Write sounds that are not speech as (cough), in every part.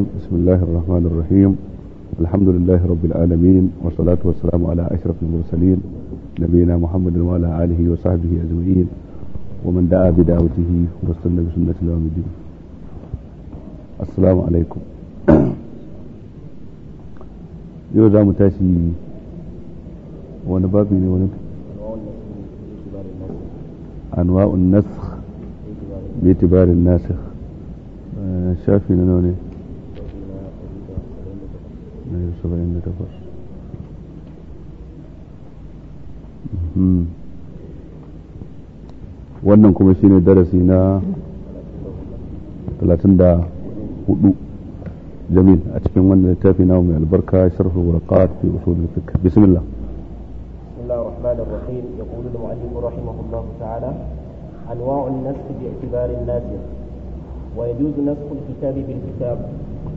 بسم الله الرحمن الرحيم الحمد لله رب العالمين والصلاة والسلام على أشرف المرسلين نبينا محمد وعلى آله وصحبه أجمعين ومن دعا بدعوته وصلنا بسنة يوم الدين السلام عليكم (coughs) يوزا متاسي ونبابي ونبابي أنواع النسخ باعتبار الناسخ anwa'un آه، نوني 70 ده بس wannan kuma shine darasi na 34 jamil a cikin wannan littafi na mai albarka sharh al-warqat fi usul al-fiqh bismillah الله الرحمن الرحيم يقول المؤلف رحمه الله تعالى أنواع النسخ باعتبار الناسخ ويجوز نسخ الكتاب بالكتاب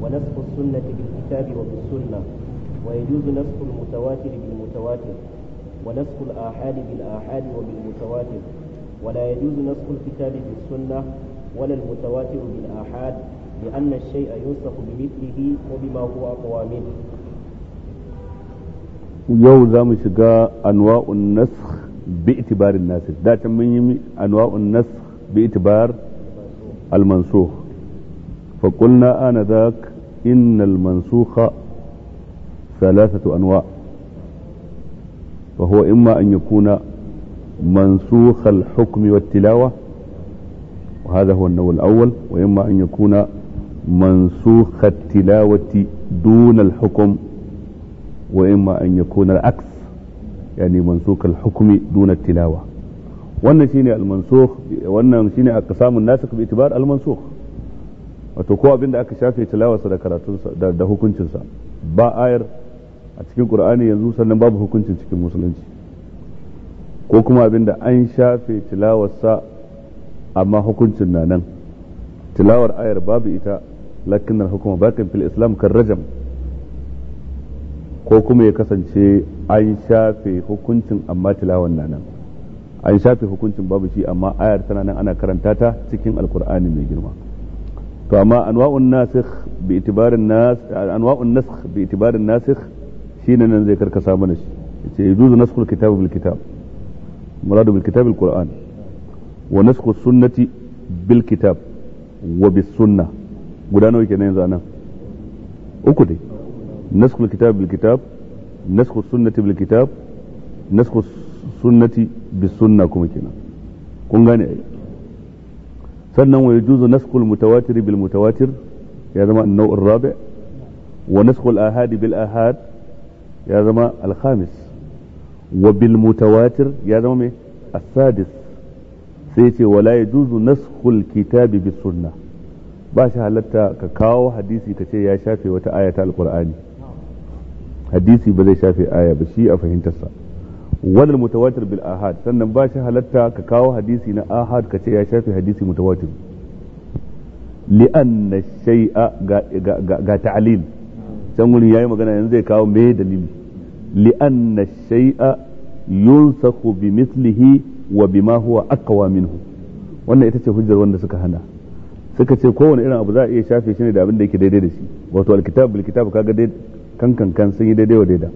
ونسخ السنة بالكتاب وبالسنة ويجوز نسخ المتواتر بالمتواتر ونسخ الآحاد بالآحاد وبالمتواتر ولا يجوز نسخ الكتاب بالسنة ولا المتواتر بالآحاد لأن الشيء ينسخ بمثله وبما هو أقوى منه يو za أنواع النسخ باعتبار nasakh ذات itibarin أنواع النسخ باعتبار المنسوخ فقلنا آنذاك nasakh إن المنسوخ ثلاثة أنواع وهو إما أن يكون منسوخ الحكم والتلاوة وهذا هو النوع الأول وإما أن يكون منسوخ التلاوة دون الحكم وإما أن يكون العكس يعني منسوخ الحكم دون التلاوة وأن المنسوخ al أقسام الناسخ بإعتبار المنسوخ wato ko abin da aka shafe tilawarsa da karatunsa da, hukuncinsa ba ayar a cikin qur'ani yanzu sannan babu hukuncin cikin musulunci ko kuma abin da an shafe tilawarsa amma hukuncin na nan tilawar ayar babu ita lakin hukuma bakin fil islam kan rajam ko kuma ya kasance an shafe hukuncin amma tilawar na nan an shafe hukuncin babu shi amma ayar tana nan ana karanta ta cikin alkur'ani mai girma to amma anwa'un nasikh bi itibarin nas anwa'un nasikh bi itibarin nasikh shine nan zai karkasa mana shi yace yuzu naskhul kitab bil kitab muradu bil kitab al qur'an wa naskhu sunnati bil kitab wa bis sunna guda nawa kenan yanzu anan uku dai naskhu kitab bil kitab naskhu sunnati bil kitab naskhu sunnati bis sunna kuma kenan kun gane ai sannan wa yajuzu naskul mutawatir bil mutawatir ya zama an rabi wa naskul ahad bil ahad ya zama al-khamis wa bil mutawatir ya zama me as-sadis sai ce wala yajuzu naskul kitabi bis sunnah ba shi halatta ka kawo hadisi ka ce ya shafe wata aya ta alqur'ani hadisi ba zai shafe aya ba shi a fahimtarsa wani mutawatir bil ahad sannan ba shi halatta ka kawo hadisi na ahad ka ce ya shafi hadisi mutawatir li'anna shay'a ga ta'alil ta'lil can wurin yayi magana yanzu zai kawo me dalili li'anna shay'a yunsakhu bi mithlihi wa bima huwa aqwa minhu wannan ita ce hujjar wanda suka hana suka ce kowane irin abu za a iya shafe shi ne da abin da yake daidai da shi wato alkitab bil kitab kaga dai kankan kan kan sun yi daidai wa daidai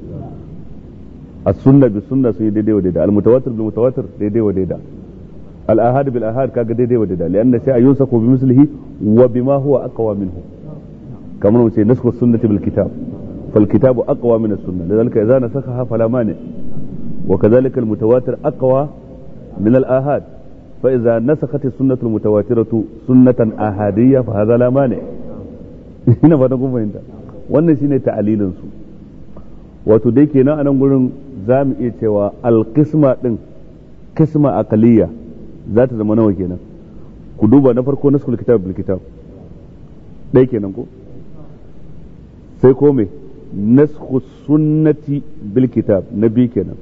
as-sunna bi sunna sun yi daidai wa daidai al-mutawatir bil mutawatir daidai wa daidai al-ahad bil ahad kaga daidai wa daidai lianna shay'a yunsaku bi mislihi wa bima huwa aqwa minhu kamar mu ce nasku sunnati bil kitab min wa al min al-ahad فإذا نسخت السنة المتواترة سنة أحادية فهذا لا مانع هنا فاتكم فهمت wannan shine ta'alilin su wato dai kenan anan gurin za mu iya cewa alkisma ɗin kisma kaliyya za ta zama nawa kenan ku duba na farko nasul kitab bil kitab ɗaya kenan ko sai ko me nasku sunnati bil kitab na biyu kenan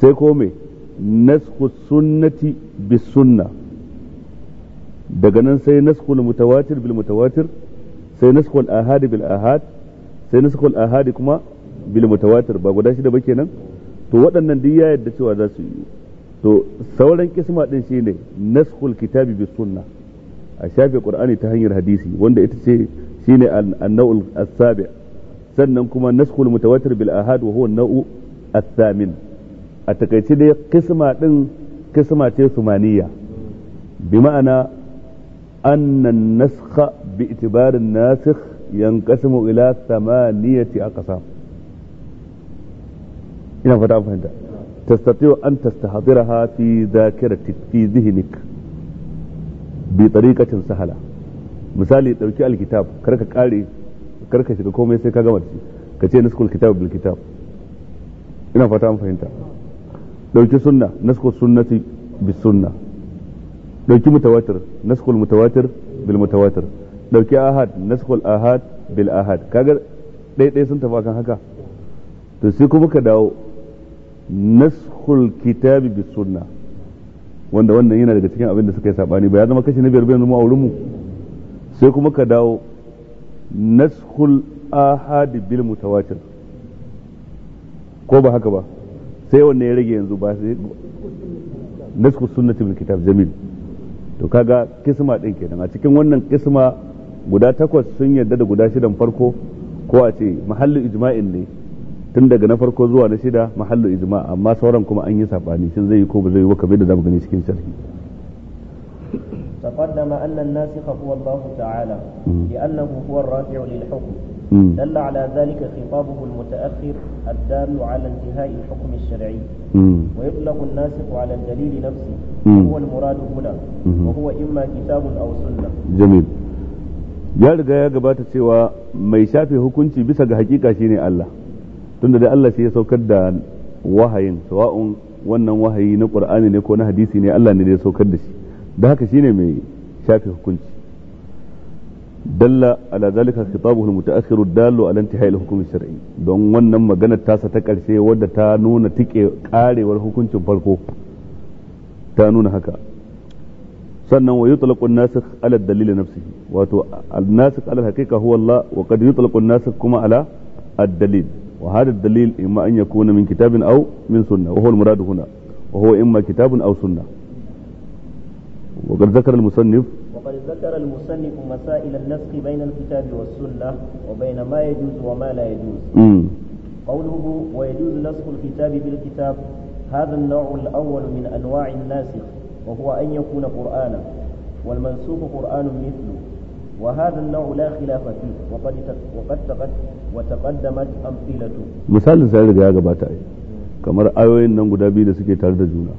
sai ko me nasku sunnati bis sunna daga nan sai nasku mutawatir bil mutawatir sai nasku al ahadi bil ahad sai nasku al ahadi kuma bil mutawatir ba guda shida ba kenan to waɗannan duk ya yadda cewa za su yi to sauran kisma din shine naskhul kitabi bisunna sunna a shafe qur'ani ta hanyar hadisi wanda ita ce shine an-naw'ul as-sabi sannan kuma naskhul mutawatir bil ahad wa huwa an-naw'u thamin a takaice dai kisma din kisma ce sumaniya bi ma'ana أن النسخ باعتبار الناسخ ينقسم إلى ثمانية أقسام ina fata an fahimta tastati'u an tastahdiraha fi dhakiratik fi zihinik. bi tariqatin sahala misali dauki alkitab karka kare karka shiga komai sai ka gama shi ka ce nuskul kitab bil kitab ina fata an fahimta dauki sunna nuskul sunnati bis sunna dauki mutawatir nuskul mutawatir bil mutawatir dauki ahad nuskul ahad bil ahad kaga ɗaya sun tafi akan haka to sai kuma ka dawo nashul kitabi bi sunna wanda wannan yana daga cikin abin da suka yi sabani ba ya zama kashi na biyar bayan mu a mu sai kuma ka dawo nashul ahadi bil mutawatir ko ba haka ba sai wanne ya rage yanzu ba sai nasku sunnati bil kitab jamil to kaga kisma din kenan a cikin wannan kisma guda takwas sun yarda da guda shidan farko ko a ce mahallin ijma'in ne tun daga na farko zuwa na shida mahallu ijma amma sauran kuma an yi sabani shin zai yi ko ba zai yi ba kamar da zamu gani cikin sharhi تقدم أن الناسخ هو الله تعالى لأنه هو الرافع للحكم دل على ذلك خطابه المتأخر الدال على انتهاء الحكم الشرعي ويطلق الناسخ على الدليل نفسه هو المراد هنا وهو إما كتاب أو سنة جميل ya riga ya gabata cewa mai shafe hukunci bisa ga hakika shine Allah tunda dai Allah shi ya saukar da wahayin sawa'un wannan wahayi na qur'ani ne ko na hadisi ne Allah ne da ya saukar da shi da haka shine mai shafi hukunci dalla ala zalika khitabuhu almutaakhir dallu ala intihai alhukm alshar'i don wannan magana tasa ta karshe wadda ta nuna tike karewar hukuncin farko ta nuna haka sannan wa yutlaqu an-nasikh ala ad-dalil nafsihi wato an-nasikh ala al-haqiqa huwa Allah wa qad yutlaqu an-nasikh kuma ala ad-dalil وهذا الدليل إما أن يكون من كتاب أو من سنة وهو المراد هنا وهو إما كتاب أو سنة وقد ذكر المصنف وقد ذكر المصنف مسائل النسخ بين الكتاب والسنة وبين ما يجوز وما لا يجوز م. قوله ويجوز نسخ الكتاب بالكتاب هذا النوع الأول من أنواع الناسخ وهو أن يكون قرآنا والمنسوخ قرآن مثله وهذا النوع لا خلاف فيه وقد وقد wa taqaddamat amthilatu misalin sai daga ya gabata kamar ayoyin nan guda biyu da suke tare da juna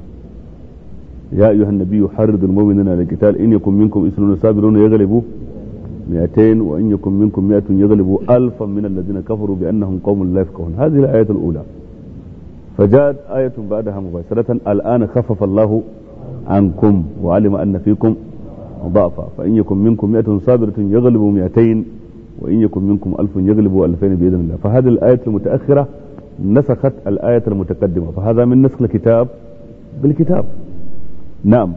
ya ayyuha annabiyyu harridul mu'minina lil qital in yakum minkum isrun sabirun yaghlibu 200 wa in yakum minkum 100 yaghlibu alfan min alladhina kafaru bi annahum ula فجاءت آية بعدها مباشرة الآن خفف الله عنكم وعلم أن فيكم ضعفا فإن يكن منكم مئة صابرة يغلب مئتين وإن يكن منكم ألف يغلبوا ألفين بإذن الله فهذه الآية المتأخرة نسخت الآية المتقدمة فهذا من نسخ الكتاب بالكتاب نعم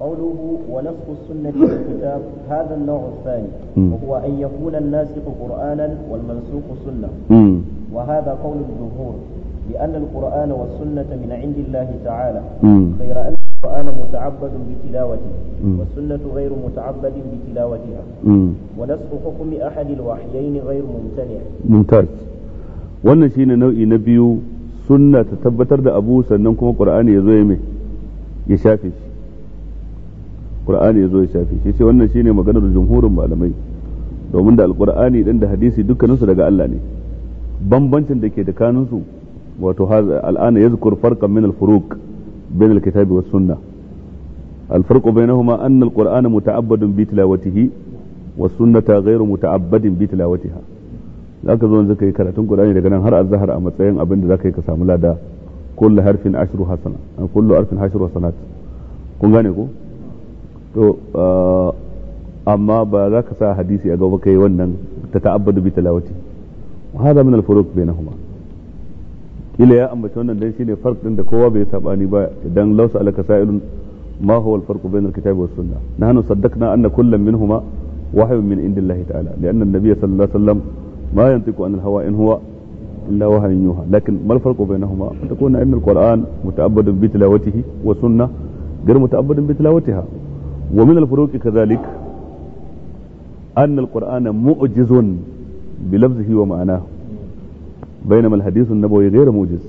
قوله ونسخ السنة بالكتاب هذا النوع الثاني وهو أن يكون الناسخ قرآنا والمنسوخ سنة وهذا قول الجمهور لأن القرآن والسنة من عند الله تعالى غير أن فأنا متعبد بتلاوته والسنة غير متعبد بتلاوتها ونسخ حكم أحد الوحيين غير ممتنع ممتاز wannan shine nau'i na biyu sunna ta tabbatar da abu sannan kuma qur'ani ya zo ya mai ya shafe shi qur'ani ya zo ya shafe shi sai wannan shine maganar jumhurin malamai domin da alqur'ani din da hadisi su daga Allah ne bambancin da ke tsakaninsu wato al'ana yazkur farqan min al-furuq بين الكتاب والسنة الفرق بينهما أن القرآن متعبد بتلاوته والسنة غير متعبد بتلاوتها zaka zo yanzu kai karatun Qur'ani daga nan har azhar a matsayin abinda da zaka ka samu lada kullu harfin ashru hasana kullu harfin ashru hasanat kun gane to amma ba za ka sa hadisi a gaba wannan ta kila ya ambaci wannan dan shine fark din da kowa bai sabani ba idan law sa'alaka sa'ilun ma huwa al bayna al-kitabi was sunnah nahnu saddaqna anna kullan minhuma wahyun min indillahi ta'ala li'anna an-nabiy sallallahu alaihi wasallam ma yantiqu an al-hawa in huwa إلا وهي يوحى لكن ما الفرق بينهما تكون أن القرآن متعبد بتلاوته والسنة غير متعبد بتلاوتها ومن الفروق كذلك أن القرآن معجز بلفظه ومعناه بينما الحديث النبوي غير موجز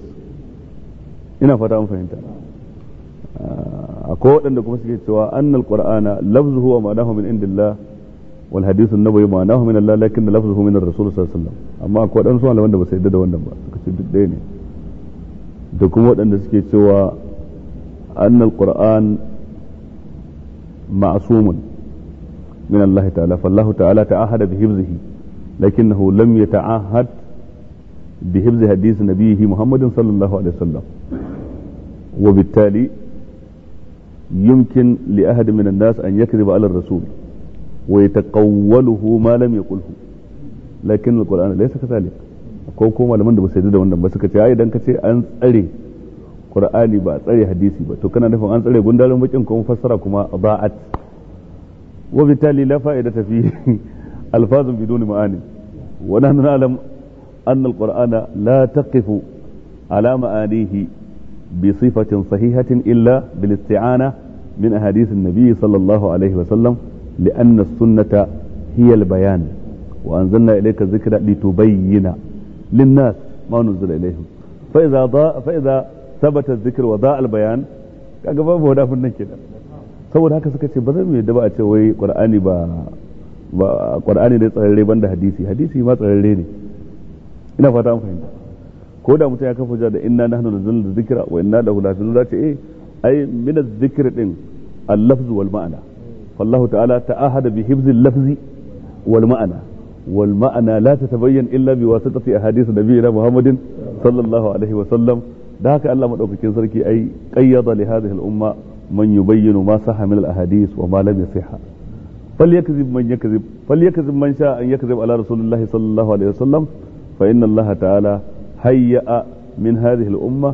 إنا فتاهم فهمت أقول آه، أنك مسجد سواء أن القرآن لفظه ومعناه من عند الله والحديث النبوي معناه من الله لكن لفظه من الرسول صلى الله عليه وسلم أما أقول أن سؤال وندب سيدد وندب ديني دكم أن نسجد سواء أن القرآن معصوم من الله تعالى فالله تعالى تعهد بحفظه لكنه لم يتعهد بحفظ حديث نبيه محمد صلى الله عليه وسلم وبالتالي يمكن لأحد من الناس أن يكذب على الرسول ويتقوله ما لم يقله لكن القرآن ليس كذلك ko ko malaman da ba su yarda da wannan ba suka ce ai idan ka ce an tsare qur'ani ba tsare hadisi ba to kana nufin an tsare gundarin bakin ko fassara kuma ba'at wa bitali la fa'idata fi alfazun biduni ma'ani wa nahnu na'lam أن القرآن لا تقف على معانيه بصفة صحيحة إلا بالاستعانة من أحاديث النبي صلى الله عليه وسلم لأن السنة هي البيان وأنزلنا إليك الذكر لتبين للناس ما نزل إليهم فإذا ضاء فإذا ثبت الذكر وضاء البيان kaga babu wadafin nan kenan saboda haka suka ce ba zan yadda ba a ce wai qur'ani ba ba qur'ani ne tsararre banda hadisi hadisi ma tsararre ne ina fata an fahimta ko da mutum ya kafa hujja da inna nahnu nazzalna dhikra wa inna lahu lahafizun zace eh ai min adh-dhikri din al-lafz wal ma'ana fallahu ta'ala ta'ahada bi hifz al-lafz wal ma'ana wal ma'ana la tatabayyan illa bi wasitati ahadith nabiyina muhammadin sallallahu alaihi wa sallam da haka Allah madaukakin sarki ai qayyada li hadhihi al-umma man yubayyinu ma sahha min al-ahadith wa ma lam yasihha falyakzib man yakzib falyakzib man sha'a an yakzib ala rasulillahi sallallahu alaihi wa sallam فإن الله تعالى هيأ من هذه الأمة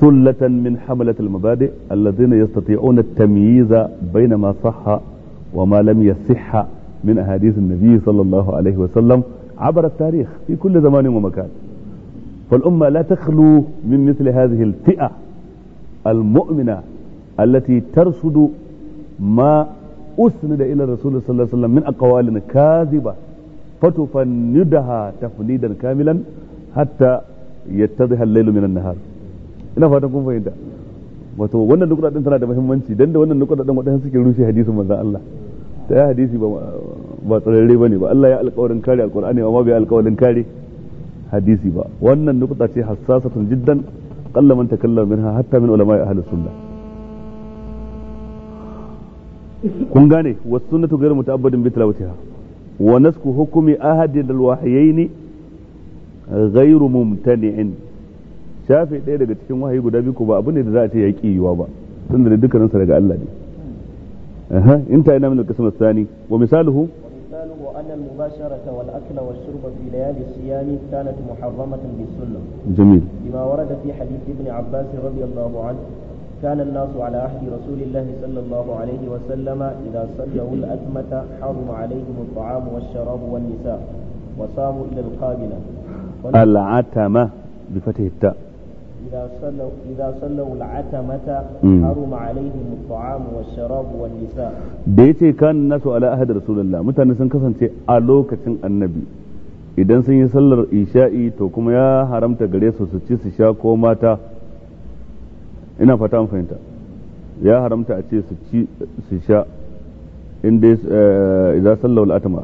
ثلة من حملة المبادئ الذين يستطيعون التمييز بين ما صح وما لم يصح من أحاديث النبي صلى الله عليه وسلم عبر التاريخ في كل زمان ومكان فالأمة لا تخلو من مثل هذه الفئة المؤمنة التي ترصد ما أسند إلى الرسول صلى الله عليه وسلم من أقوال كاذبة fatufannidaha tafnidan kamilan hatta yattadhiha al-lailu luminan na har ina fatan kun fahimta wato wannan nukuda din tana da muhimmanci dan da wannan nukuda din wadansu suke rushe hadisin manzon Allah ta hadisi ba ba tsararre bane ba Allah ya alƙawarin kare alƙur'ani amma bai alƙawarin kare hadisi ba wannan nukuda ce hassasatun jiddan qalla man takallama minha hatta min ulama'i ahli sunnah kun gane was sunnatu ghayr muta'abbadin bi tilawatiha hukumi ahadi da ahadin alwahiyaini ghairu mumtani'in shafe ɗaya daga cikin wahayi guda biyu ba abu ne da za a ce ya ƙi yiwa ba tunda da dukkanin sa daga Allah ne in ta yana min alqism athani wa misaluhu أن akla wa shurba في ليالي الصيام كانت محرمة بالسنة جميل لما ورد في حديث ابن عباس رضي الله عنه كان الناس على عهد رسول الله صلى الله عليه وسلم إذا صلوا الأزمة حرم عليهم الطعام والشراب والنساء وصاموا إلى القابلة العتمة بفتح التاء إذا صلوا إذا صلوا العتمة حرم عليهم الطعام والشراب والنساء ديتي كان الناس على عهد رسول الله متى نسن كسانتي ألوكة النبي idan sun yi sallar isha'i to kuma ya haramta gare su su ci su sha ko mata ina fata fahimta ya haramta a ce su sha inda ya eh, sallaw al-atma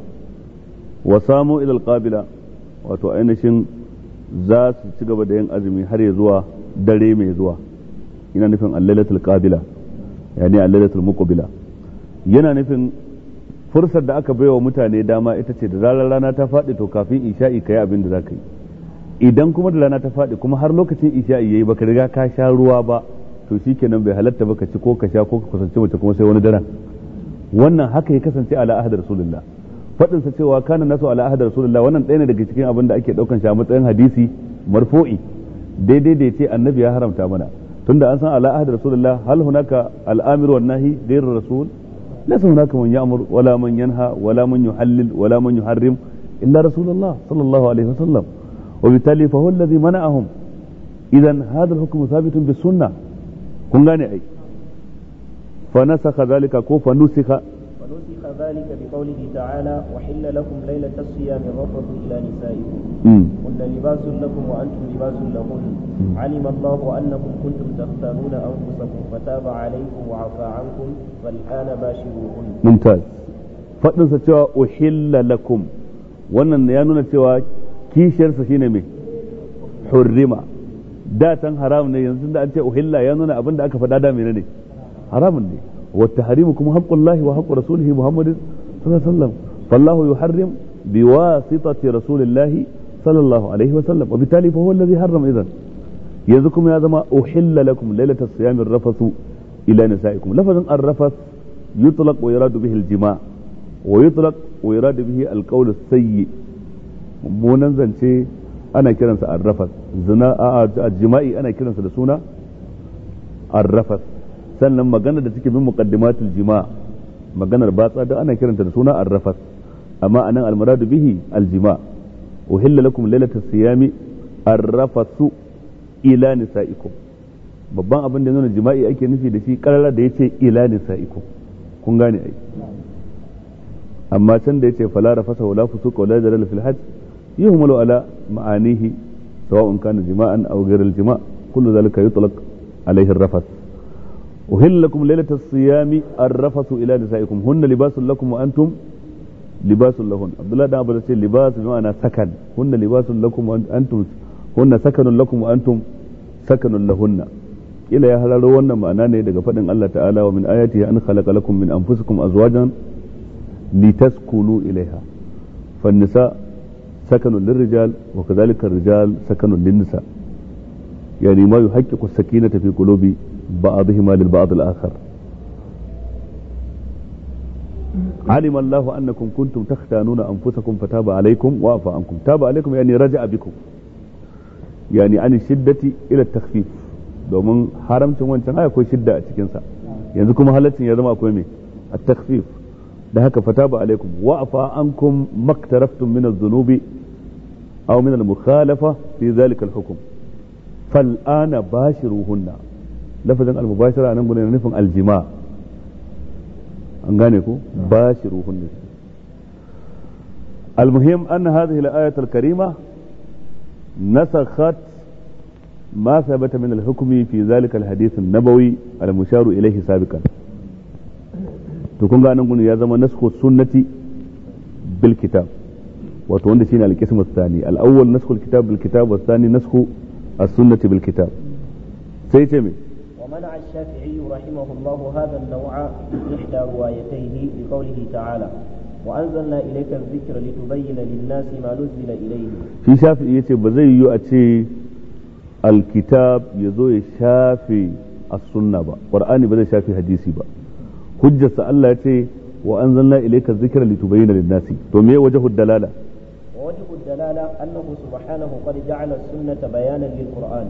wa samu ila kabila qabila wato ainihin za su ci gaba da yin azumi har ya zuwa dare mai zuwa ina nufin al kabila ya ne al muqabila yana nufin fursar da aka baiwa mutane dama ita ce da zarar rana ta faɗi to kafin isha'i ka yi abin da za ka yi idan kuma da rana ta faɗi kuma har lokacin isha'i ba baka riga ka sha ruwa ba to kenan bai halatta ba ka ci ko ka sha ko ka kusance mace kuma sai wani daren wannan haka ya kasance ala ahad rasulullah fadin sa cewa kana nasu ala ahad rasulullah wannan ɗaya ne daga cikin abin da ake daukan shi a matsayin hadisi marfo'i daidai da yace annabi ya haramta mana tunda an san ala ahad rasulullah hal hunaka al-amir wan nahi ghayr rasul laysa hunaka man ya'mur wala man yanha wala man yuhallil wala man yuharrim illa rasulullah sallallahu alaihi wasallam وبالتالي فهو الذي منعهم إذا هذا الحكم ثابت بالسنة kun gane ai fa nasakha ko fa nusikha fa nusikha zalika bi qawlihi ta'ala wa hilla lakum laylata as-siyami rafatu ila nisaikum kunna hmm. libasun lakum wa antum libasun lahun hmm. alima Allahu annakum kuntum takhtanuna anfusakum fataba alaykum wa afa ankum fal ana bashiruhun mumtaz fadin wannan ya nuna cewa kishiyarsa shine me hurrima da tan haram ne yanzu da an ce uhilla ya nuna abin da aka faɗa da ne haramun ne wa tahrimu kuma haqqullahi wa haqqu rasulihi muhammadin sallallahu alaihi wasallam fallahu yuharrim biwasitati rasulillahi sallallahu alaihi wasallam wa bitali fa huwa alladhi harrama idan yanzu kuma ya zama uhilla lakum lailatas siyamir rafasu ila nisaikum lafazin ar-rafas yutlaq wa yuradu bihi al-jima' wa yutlaq wa yuradu bihi al-qawl as-sayyi munan zance ana kiransa arrafas zina a jima'i ana kiransa da suna arrafas sannan magana da take bin muqaddimatul jima' maganar batsa da ana kiranta da suna arrafas amma anan almuradu bihi aljima'a. uhilla lakum lailatas siyami arrafasu ila nisaikum babban abin da nuna jima'i ake nufi da shi karara da yace ila nisaikum kun gane ai amma can da yace fala rafasa wala fusuka wala jalal fil hajj yuhmalu ala معانيه سواء كان جماعا أو غير الجماع كل ذلك يطلق عليه الرفث وهل لكم ليلة الصيام الرفث إلى نسائكم هن لباس لكم وأنتم لباس لهن عبد الله بن عباس لباس بمعنى سكن هن لباس لكم وأنتم هن سكن لكم وأنتم سكن لهن إلى ya hararo wannan ma'ana ne daga faɗin Allah ta'ala wa min ayati an khalaqa lakum min anfusikum azwajan litaskunu ilaiha fan nisa سكن للرجال وكذلك الرجال سكن للنساء يعني ما يحقق السكينة في قلوب بعضهما للبعض الآخر علم الله أنكم كنتم تختانون أنفسكم فتاب عليكم وعفى عنكم تاب عليكم يعني رجع بكم يعني عن الشدة إلى التخفيف domin haramcin wancan ai akwai shidda a cikinsa yanzu kuma halaccin ya zama akwai me at-takhfif da haka fataba alaikum wa afa ankum maktaraftum min dhunubi aw min al-mukhalafa fi zalika al-hukm fal ana bashiruhunna lafazin al-mubashara anan gurin nufin al an gane ku المهم أن هذه الآية الكريمة نسخت ما ثبت من الحكم في ذلك الحديث النبوي المشار إليه سابقا تكون أنا يا زمان نسخ السنة بالكتاب wato wanda shine al-qism ath-thani al-awwal nasxu al-kitab bil-kitab wath-thani nasxu as-sunnati bil-kitab sai ce me ومنع الشافعي رحمه الله هذا النوع في إحدى روايتيه بقوله تعالى وأنزلنا إليك الذكر لتبين للناس ما نزل إليه في شافعي يتي بزي يؤتي الكتاب يزوي شافي السنة با قرآني بزي شافي حديثي با حجة الله يتي وأنزلنا إليك الذكر لتبين للناس تو وجه الدلالة ووجه الدلالة أنه سبحانه قد جعل السنة بيانا للقرآن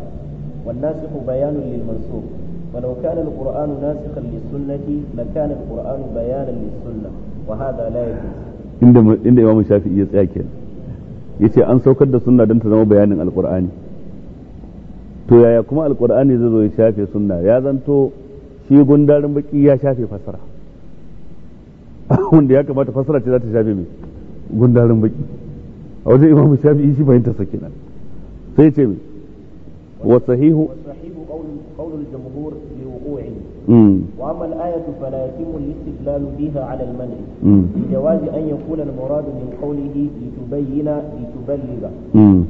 والناسخ بيان للمنسوخ فلو كان القرآن ناسخا للسنة لكان القرآن بيانا للسنة وهذا لا يجوز عند إمام الشافعي يتأكد yace an saukar da sunna don ta zama bayanin alkur'ani to yaya kuma alkur'ani zai zo ya shafe sunna ya zanto shi gundarin baki ya shafe fasara wanda ya kamata fasara ce za ta shafe mai gundarin baki a إمام الشافعي shafi'i ما fahimtar sa kenan sai ce mi wa sahihu قول الجمهور لوقوعه وأما الآية فلا يتم الاستدلال بها على المنع بجواز أن يكون المراد من قوله لتبين لتبلغ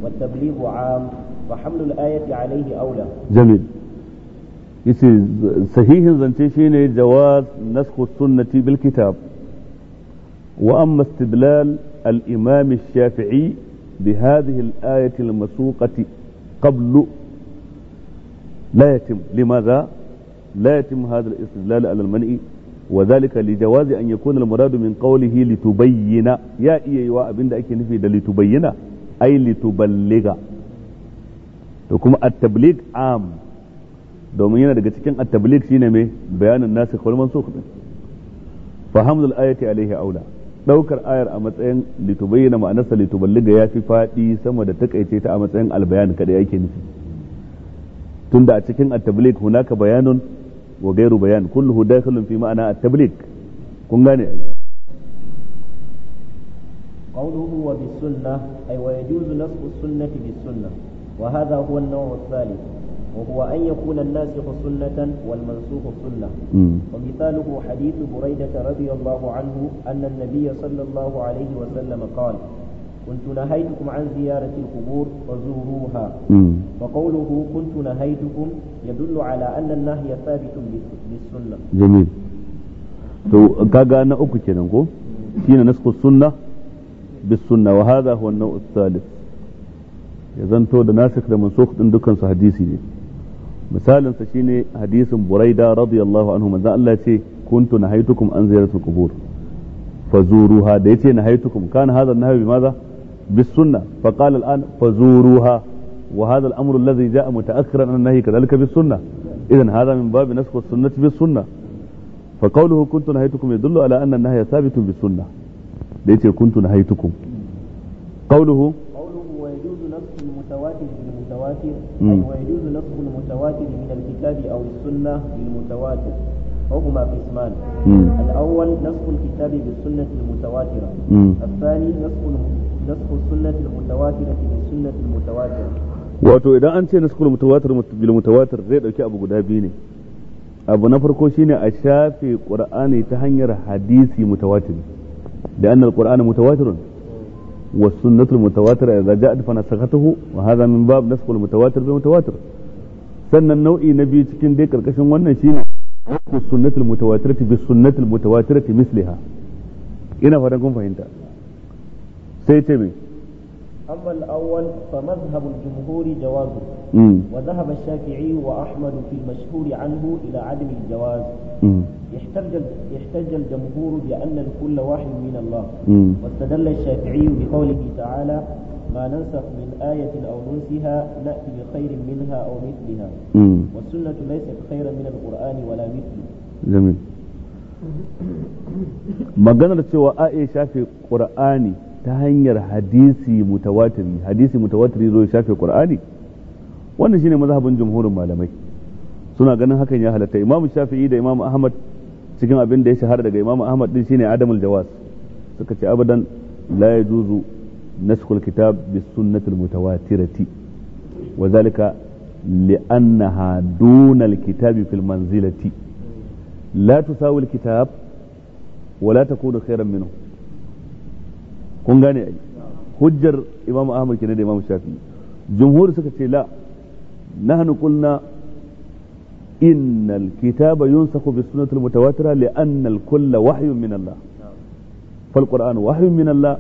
والتبليغ عام فحمل الآية عليه أولى جميل يسي صحيح زنتيشين جواز نسخ السنه بالكتاب واما استدلال الإمام الشافعي بهذه الآية المسوقة قبل لا يتم لماذا لا يتم هذا الاستدلال على المنع وذلك لجواز أن يكون المراد من قوله لتبين يا إيه يوا أبين دا أكي نفي دا لتبين أي لتبلغ وكما التبليغ عام domin yana daga cikin at-tabliq shine mai bayanin nasikh wal mansukh din fa hamdul ayati alaihi aula daukar ayar a matsayin litubayyana ma'anarsa lituballiga ya fi faɗi sama da takaice ta a matsayin albayan kada yake nufi tunda a cikin at-tabliq hunaka bayanun wa gairu bayan kulluhu dakhilun fi ma'ana at-tabliq kun gane wa قوله وبالسنة أي ويجوز نصب السنة بالسنة وهذا هو النوع الثالث وهو أن يكون الناسخ سنة والمنسوخ سنة ومثاله حديث بريدة رضي الله عنه أن النبي صلى الله عليه وسلم قال كنت نهيتكم عن زيارة القبور فزوروها وقوله كنت نهيتكم يدل على أن النهي ثابت بالسنة جميل to kaga na uku kenan ko shine nasku sunna bis sunna wa hadha huwa an-naw' ath-thalith ya zanto da nasikh da mansukh din dukkan su hadisi ne misalinsa sa shine hadisin buraida radiyallahu anhu manzo Allah ce kuntu nahaytukum an ziyaratul qubur fazuruha da yace nahaytukum kan hadha nahyu bimaza bis sunna fa qala al an fazuruha wa hadha al amru alladhi jaa mutaakhiran an nahyi kadhalika bis sunna idan hadha min babi nasku sunnati bis sunna fa qawluhu kuntu nahaytukum yadullu ala anna an nahya thabitun bis sunna da yace kuntu nahaytukum qawluhu متواتر أي ويجوز نسخ المتواتر من الكتاب أو السنة بالمتواتر وهما قسمان الأول نسخ الكتاب بالسنة المتواترة الثاني نسخ نسخ السنة المتواترة بالسنة المتواترة wato idan an ce naskul mutawatir bil mutawatir zai dauki abu guda biyu ne abu na farko shine a shafe qur'ani ta hanyar hadisi mutawatir da annal qur'ani mutawatirun والسنة المتواترة إذا جاءت فنسخته وهذا من باب نسخ المتواتر بالمتواتر سنة النوعي نبي تكين ديك الكشن وانا شينا السنة المتواترة بالسنة المتواترة مثلها إنا فرنكم فهمتا سيتمي أما الأول فمذهب الجمهور جوازه وذهب الشافعي وأحمد في المشهور عنه إلى عدم الجواز يحتج يحتج الجمهور بأن الكل واحد من الله واستدل الشافعي بقوله تعالى ما ننسخ من آية أو ننسها نأتي بخير منها أو مثلها والسنة ليست خيرا من القرآن ولا مثله جميل maganar cewa a ya shafe qur'ani ta hanyar hadisi mutawatiri hadisi mutawatiri zo ya shafe qur'ani wannan shine mazhabin jumhurin malamai suna ganin hakan ya halatta imamu shafi'i da imamu ahmad cikin abin da ya shahara daga imamu ahmad din shine adamul jawaz suka ce abadan la yajuzu naskhul kitab bis sunnatil mutawatirati wa zalika li'annaha dunal kitabi fil manzilati la tusawi alkitab wala takunu khairan minhu kun gane ai hujjar imam ahmad kenan da imam shafi jumhur suka ce la nahnu qulna innal kitaba yunsakhu bi sunnatil mutawatira li anna al kulla wahyun min allah fal qur'an wahyun min allah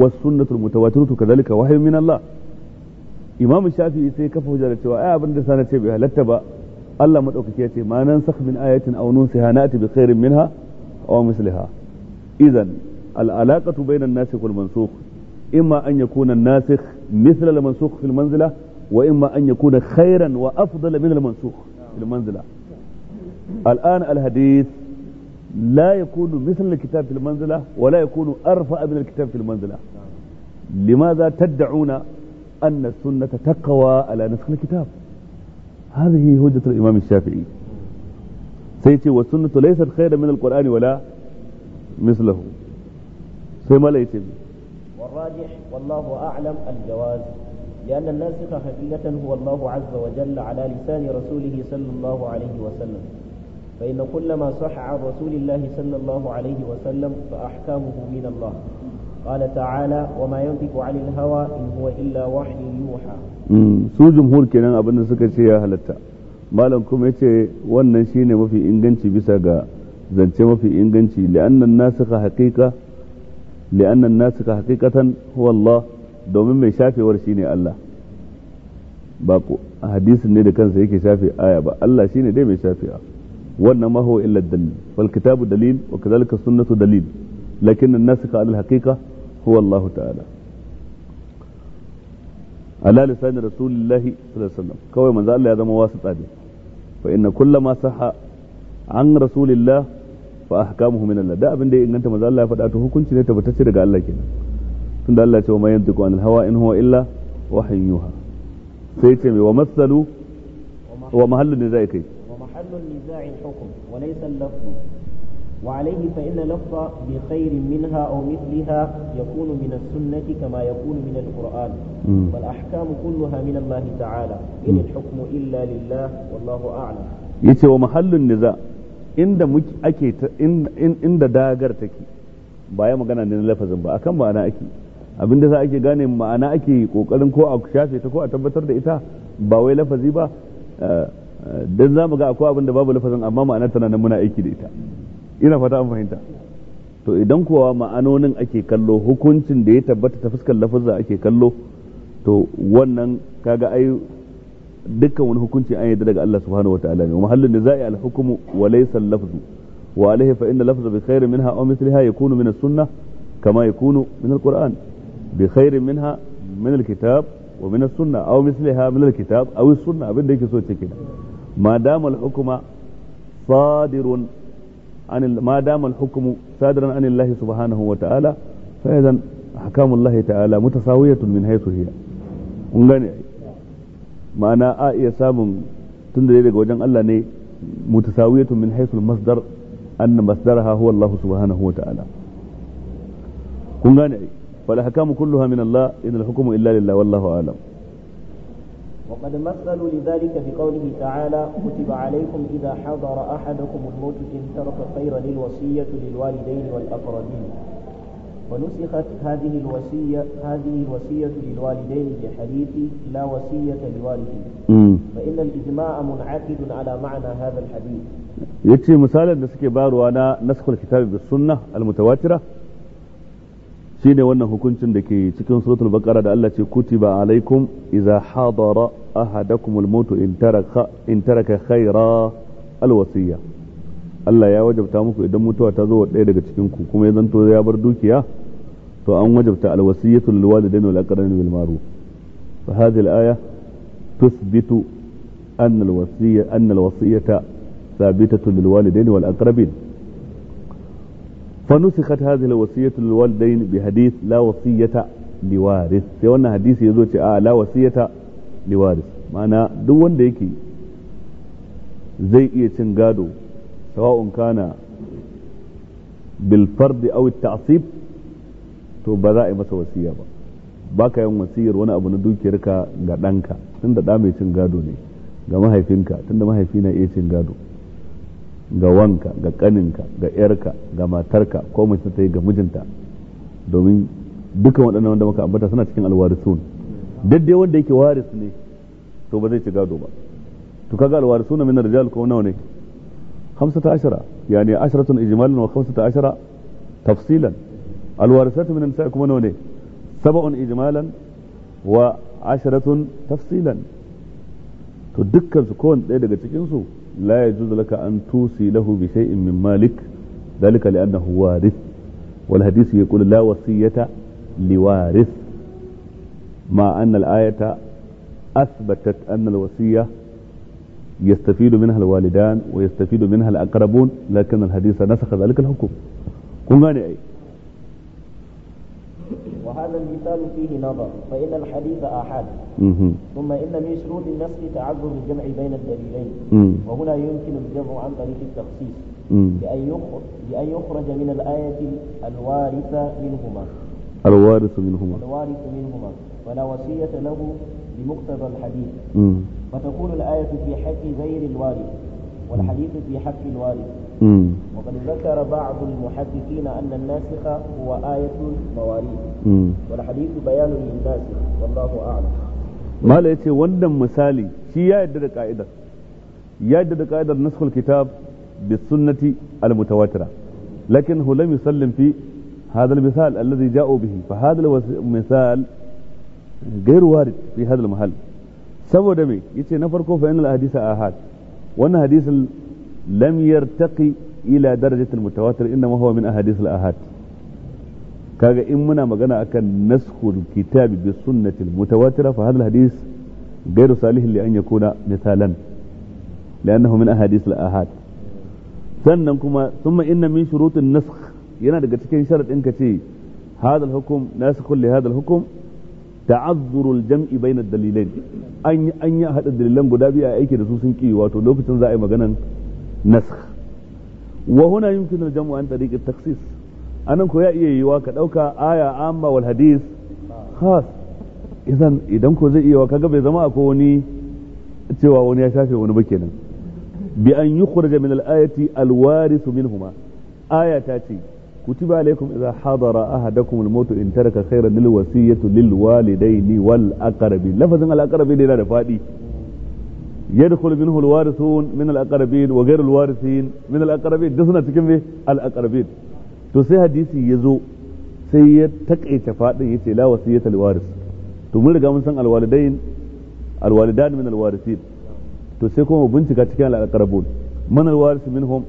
was sunnatul mutawatiratu kadhalika wahyun min allah imam shafi sai kafa hujjar cewa ai abin da sana ce bai halatta ba Allah madaukake yace ma nan sakh min ayatin aw nunsiha na'ti bi khairin minha aw misliha idan al alaqatu bayna an-nasikh wal mansukh imma an yakuna an-nasikh mithla al-mansukh fi al-manzila wa imma an yakuna khairan wa afdala min al-mansukh في المنزلة الآن الحديث لا يكون مثل الكتاب في المنزلة ولا يكون أرفع من الكتاب في المنزلة لماذا تدعون أن السنة تقوى على نسخ الكتاب هذه هجة الإمام الشافعي سيتي والسنة ليست خيرا من القرآن ولا مثله سيما ليتي والراجح والله أعلم الجواز لأن الناسخ حقيقة هو الله عز وجل على لسان رسوله صلى الله عليه وسلم فإن كل ما صح عن رسول الله صلى الله عليه وسلم فأحكامه من الله قال تعالى وما ينطق عن الهوى ان هو الا وحي يوحى su jumhur جمهور abin ابن suka ce ya halatta malam kuma yace wannan shine mafi inganci bisa ga zance mafi inganci li'annan nasika haqiqa li'annan nasika haqiqatan huwa Allah domin mai shafewar shine Allah ba hadisin ne da kansa yake shafe aya ba Allah shine dai mai shafewa wannan ma huwa illa dalil wal kitabu dalil wa kadhalika sunnatu dalil lakin an-nasikha al-haqiqa هو الله تعالى على لسان رسول الله صلى الله عليه وسلم كوي من ذا الله هذا مواسط آدم فإن كل ما صح عن رسول الله فأحكامه من الله ده أبن دي إن أنت من ذا الله فدأته كنت نتبتسر قال الله كنا تند الله تعالى ما ينطق عن الهوى إن هو إلا وحي يوحى سيتمي ومثلوا ومحل النزاع كي ومحل النزاع الحكم وليس اللفظ وعليه فإن لفظ بخير منها أو مثلها يكون من السنة كما يكون من القرآن والأحكام كلها من الله تعالى إن الحكم إلا لله والله أعلم yace wa mahallin niza inda muke ake inda dagar take ba ya magana ne na lafazin ba akan ma'ana ake abinda za ake gane ma'ana ake kokarin ko a shafe ko a tabbatar da ita ba wai lafazi ba dan za mu ga akwai abin babu lafazin amma ma'ana tana nan muna aiki da ita ina fata an fahimta to idan kuwa ma'anonin ake kallo hukuncin da ya tabbata ta fuskar lafazza ake kallo to wannan kaga ai dukkan wani hukunci an yadda daga Allah subhanahu wataala ne mahallin da za a yi alhukumu wa laysa al-lafzu wa alayhi fa inna lafza bi khairin minha aw mithliha yakunu min as-sunnah kama yakunu min al-qur'an bi khairin minha min al-kitab wa min as-sunnah aw mithliha min al-kitab aw as-sunnah abin da yake so ce kenan ma dama al-hukma sadirun عن ما دام الحكم صادرا عن الله سبحانه وتعالى فإذا أحكام الله تعالى متساوية من حيث هي ungane ma'ana a iya samun tun da daga wajen Allah ne mutasawiyatun min haythu masdar an masdaraha huwa Allah subhanahu wa ta'ala kun fal hakamu kulluha min Allah in al hukmu illa lillah wallahu a'lam وقد مثلوا لذلك بقوله تعالى كتب عليكم إذا حضر أحدكم الموت إن ترك خيرا الوصية للوالدين والأقربين ونسخت هذه الوصية هذه الوصية للوالدين بحديث لا وصية لوالده فإن الإجماع منعقد على معنى هذا الحديث يكفي مثالا da suke barowa نسخ الكتاب بالسنة المتواترة shine wannan hukuncin da ke cikin suratul baqara da Allah ce kutiba alaikum idza hadara ahadakumul al-maut in taraka in taraka khaira al Allah ya wajabta muku idan mutuwa ta zo wa ɗaya daga cikin ku kuma ya zanto ya bar dukiya to an wajabta al-wasiyatu lil walidaini wal aqrani bil ma'ruf fa hadhihi al-aya tuthbitu أن الوصية أن الوصية فنسخت هذه الوصية للوالدين بحديث لا وصية liwaris sai wannan hadisi ya zo ce a la wasiyata liwaris ma'ana duk wanda yake zai iya cin gado sawa'un kana bil fardi aw ta'sib to ba za a yi masa wasiya ba ba ka yin wasiyar wani abu na dukiyarka ga ɗanka tunda ɗa mai cin gado ne ga mahaifinka tunda mahaifi na iya cin gado ga wanka ga kaninka ga yarka ga matarka ko mace ta yi ga mijinta domin dukan waɗannan wanda muka ambata suna cikin alwarisun duk dai wanda yake waris ne to ba zai ci gado ba to kaga alwarisun min rijal ko nawa ne 15 yani asharatun ijmalan wa 15 tafsilan alwarisat min nisa kuma nawa ne sab'un ijmalan wa asharatun tafsilan to dukkan su kowanne ɗaya daga cikin su لا يجوز لك أن توصي له بشيء من مالك ذلك لأنه وارث والحديث يقول لا وصية لوارث مع أن الآية أثبتت أن الوصية يستفيد منها الوالدان ويستفيد منها الأقربون لكن الحديث نسخ ذلك الحكم كن أي وهذا المثال فيه نظر فإن الحديث آحاد ثم إن من شروط النسخ تعذر الجمع بين الدليلين وهنا يمكن الجمع عن طريق التخصيص بأن يخرج من الآية الوارثة منهما الوارث منهما الوارث منهما ولا وصية له بمقتضى الحديث فتكون الآية في حق غير الوارث والحديث في حق الوارث وقد ذكر بعض المحدثين أن الناسخ هو آية المواريث والحديث بيان للناسخ والله أعلم ما ليتي وندم مثالي شي يا يدد قاعدة يا يدد قاعدة نسخ الكتاب بالسنة المتواترة لكنه لم يسلم في هذا المثال الذي جاءوا به فهذا المثال غير وارد في هذا المحل saboda me yace na farko fa innal ahadisa ahad wannan hadisin lam yartaqi ila darajatil mutawatir innama huwa min ahadith al kaga in muna magana akan naskhul kitabi bi sunnatil mutawatira fa hadha al hadith غير صالح لأن يكون مثالا لأنه من أحاديث الآحاد sannan kuma thumma inna min shurutin nasakh yana daga cikin sharadin ka ce hadal hukum nasakhun li hadal hukum ta'azzurul jam'i bayna dalilain an an ya dalilan guda biyu a aiki da su sun ki wato lokacin za a yi maganan nasakh wa huna yumkinu al-jam'u an tariq at-takhsis anan ko ya iya yiwa ka ɗauka aya amma wal hadith khas idan ko zai iya wa kaga bai zama akwai wani cewa wani ya shafe wani ba kenan bi an yukhraja min al-ayati al-warithu minhuma aya ta ce كتب عليكم إذا حضر أحدكم الموت إن ترك خيرا للوصية للوالدين والأقربين لفظ الأقربين da فادي يدخل منه الوارثون من الأقربين وغير الوارثين من الأقربين دسنا تكمل الأقربين تسيها ديسي يزو سي تقعي إيه تفاتي يتي لا وسية الوارث تمر قامن سن الوالدين الوالدان من الوارثين تو تسيكم وبنتك تكيان الأقربون من الوارث منهم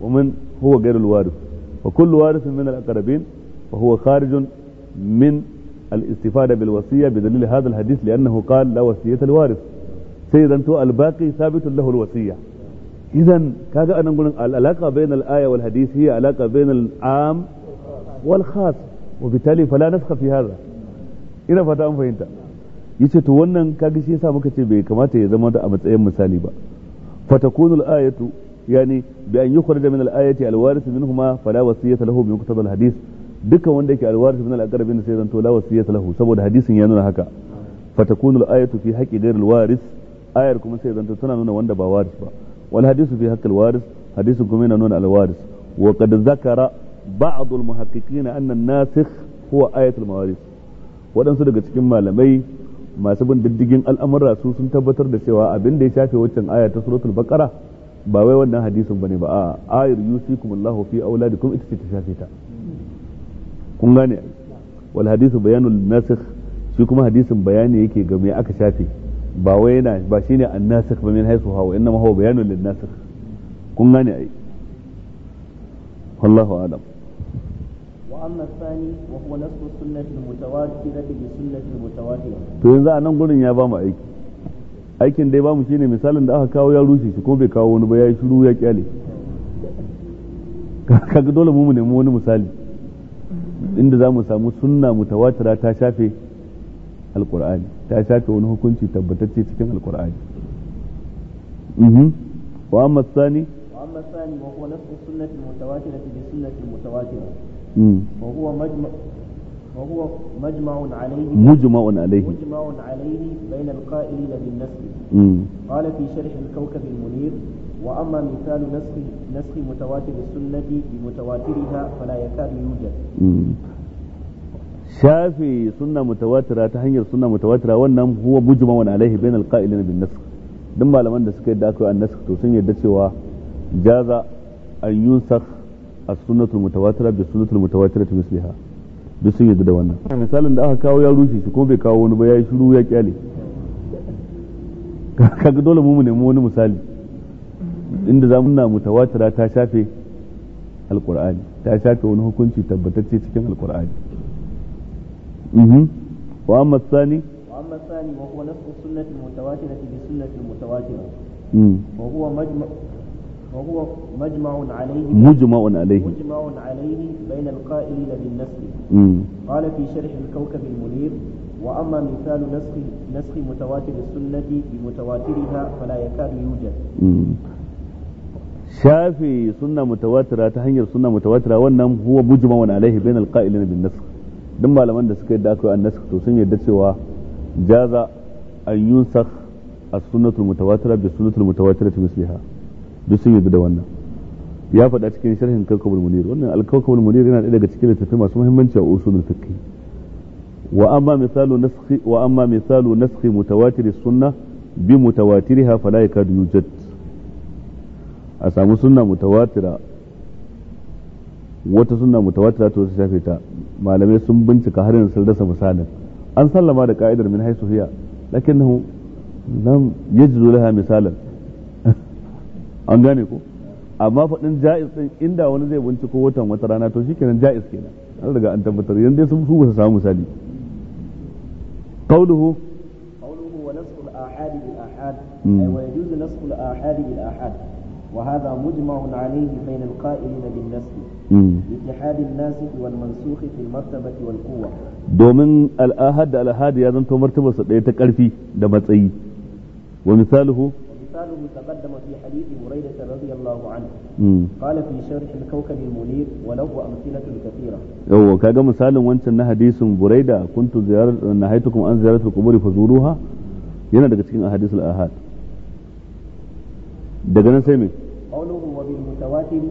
ومن هو غير الوارث وكل وارث من الأقربين فهو خارج من الاستفادة بالوصية بدليل هذا الحديث لأنه قال لا وصية الوارث sai zanto albaqi sabitun lahu alwasiya idan kaga anan gurin alaka bain al-aya wal hadith hiya alaka bain al-am wal khas وبالتالي فلا نفخ fi هذا ina fata an fahimta yace to wannan kaga shi yasa muka ce bai kamata ya zama da a matsayin misali ba fatakunu al-ayatu yani bi an yukhrij min al-ayati al-waris minhuma fala wasiyata lahu bi muqtada al-hadith dukkan wanda yake al-waris min al-aqrabin sai zanto la wasiyata lahu saboda hadisin ya nuna haka fatakunu al-ayatu fi haqqi ghayr al-waris ayar kuma sai zanta tana nuna wanda ba waris ba wal hadisu fi haqqil waris hadisu kuma yana nuna al waris wa qad zakara ba'd al muhaqqiqin anna an nasikh huwa ayatul mawaris waɗansu daga cikin malamai masu bin diddigin al'amura su sun tabbatar da cewa abin da ya shafe waccan aya ta suratul baqara ba wai wannan hadisin bane ba a ayar yusikumullahu fi auladikum ita ce ta shafe ta kun gane wal hadisu bayanul nasikh shi kuma hadisin bayani yake game aka shafe ba wai yana ba shine annasikh ba min haythu hawa inma huwa bayanun linnasikh kun gane ai wallahu a'lam واما الثاني وهو نسخ السنه المتواتره بسنه المتواتره to yanzu a nan gurin ya ba mu aiki aikin dai ya ba mu shine misalin da aka kawo ya rushe shi ko bai kawo wani ba ya shiru ya kyale kaga dole mu mu nemi wani misali inda za mu samu sunna mutawatira ta shafe alqur'ani ta shafe wani hukunci tabbatacce cikin alkur'ani mhm. wa amma sani wa amma sani wa huwa nasu sunnati mutawatirati bi sunnati mutawatira mm. wa huwa majma وهو مجمع عليه مجمع عليه مجمع عليه بين القائلين بالنسخ قال في شرح الكوكب المنير واما مثال نسخ نسخ متواتر السنه بمتواترها فلا يكاد يوجد shafe sunna mutawatira ta hanyar sunna mutawatira wannan huwa mujmawan alaihi bain alqa'ilin bin nasr duk malaman da suka yadda aka yi annasakh to sun yadda cewa jaza an yunsakh as-sunnatu mutawatira bi sunnati mutawatira misliha duk sun yadda da wannan misalin da aka kawo ya rushe shi ko bai kawo wani ba yayi shiru ya kyale (laughs) kaga dole mu mu nemi wani misali inda za mu na mutawatira ta shafe alqur'ani ta shafe wani hukunci tabbatacce cikin alqur'ani وأما الثاني وأما الثاني وهو نسخ السنة المتواترة بالسنة المتواترة وهو مجمع وهو مجمع عليه مجمع عليه مجمع عليه بين القائلين بالنسخ قال في شرح الكوكب المنير وأما مثال نسخ نسخ متواتر السنة بمتواترها فلا يكاد يوجد شافي سنة متواترة mutawatira سنة متواترة ونم هو مجمع عليه بين القائلين bainal duk malaman da suka yadda aka yi annasu to sun yadda cewa jaza an yunsakh as-sunnatul mutawatira bi sunnatul mutawatira misliha duk sun yadda da wannan ya faɗa cikin sharhin kawkabul munir wannan al munir yana ɗaya daga cikin littattafai masu muhimmanci a usulul fiqh wa amma misalu naskhi wa amma misalu naskhi mutawatir sunnah bi mutawatiriha fala yakadu yujad a samu sunna mutawatira wata sunna mutawatira to ta shafe ta malamai sun bincika har yanzu sun rasa misalin an sallama da ka'idar min haisu hiya lakinnahu lam yajzu laha misalan (laughs) an gane ko amma faɗin ja'iz din inda wani zai binciko watan wata rana to shikenan ja'iz kenan an riga an tabbatar yanzu sun su ba su samu misali qawluhu qawluhu wa nasxu al-ahad bil ahad hmm. ay wa yajuzu nasxu al-ahad bil ahad وهذا مجمع عليه بين القائلين بالنسب لاتحاد الناسخ والمنسوخ في المرتبة والقوة دومن الآهد الآهد يا ذنتو مرتبة صدقية كرفي دمتعي ومثاله ومثاله تقدم في حديث هريرة رضي الله عنه مم. قال في شرح الكوكب المنير وله أمثلة كثيرة أو كاجا مثال وانت حديث بريدة كنت زيارة نهيتكم عن زيارة القبور فزوروها yana daga cikin ahadis al-ahad daga nan sai mai قوله وبالمتواتر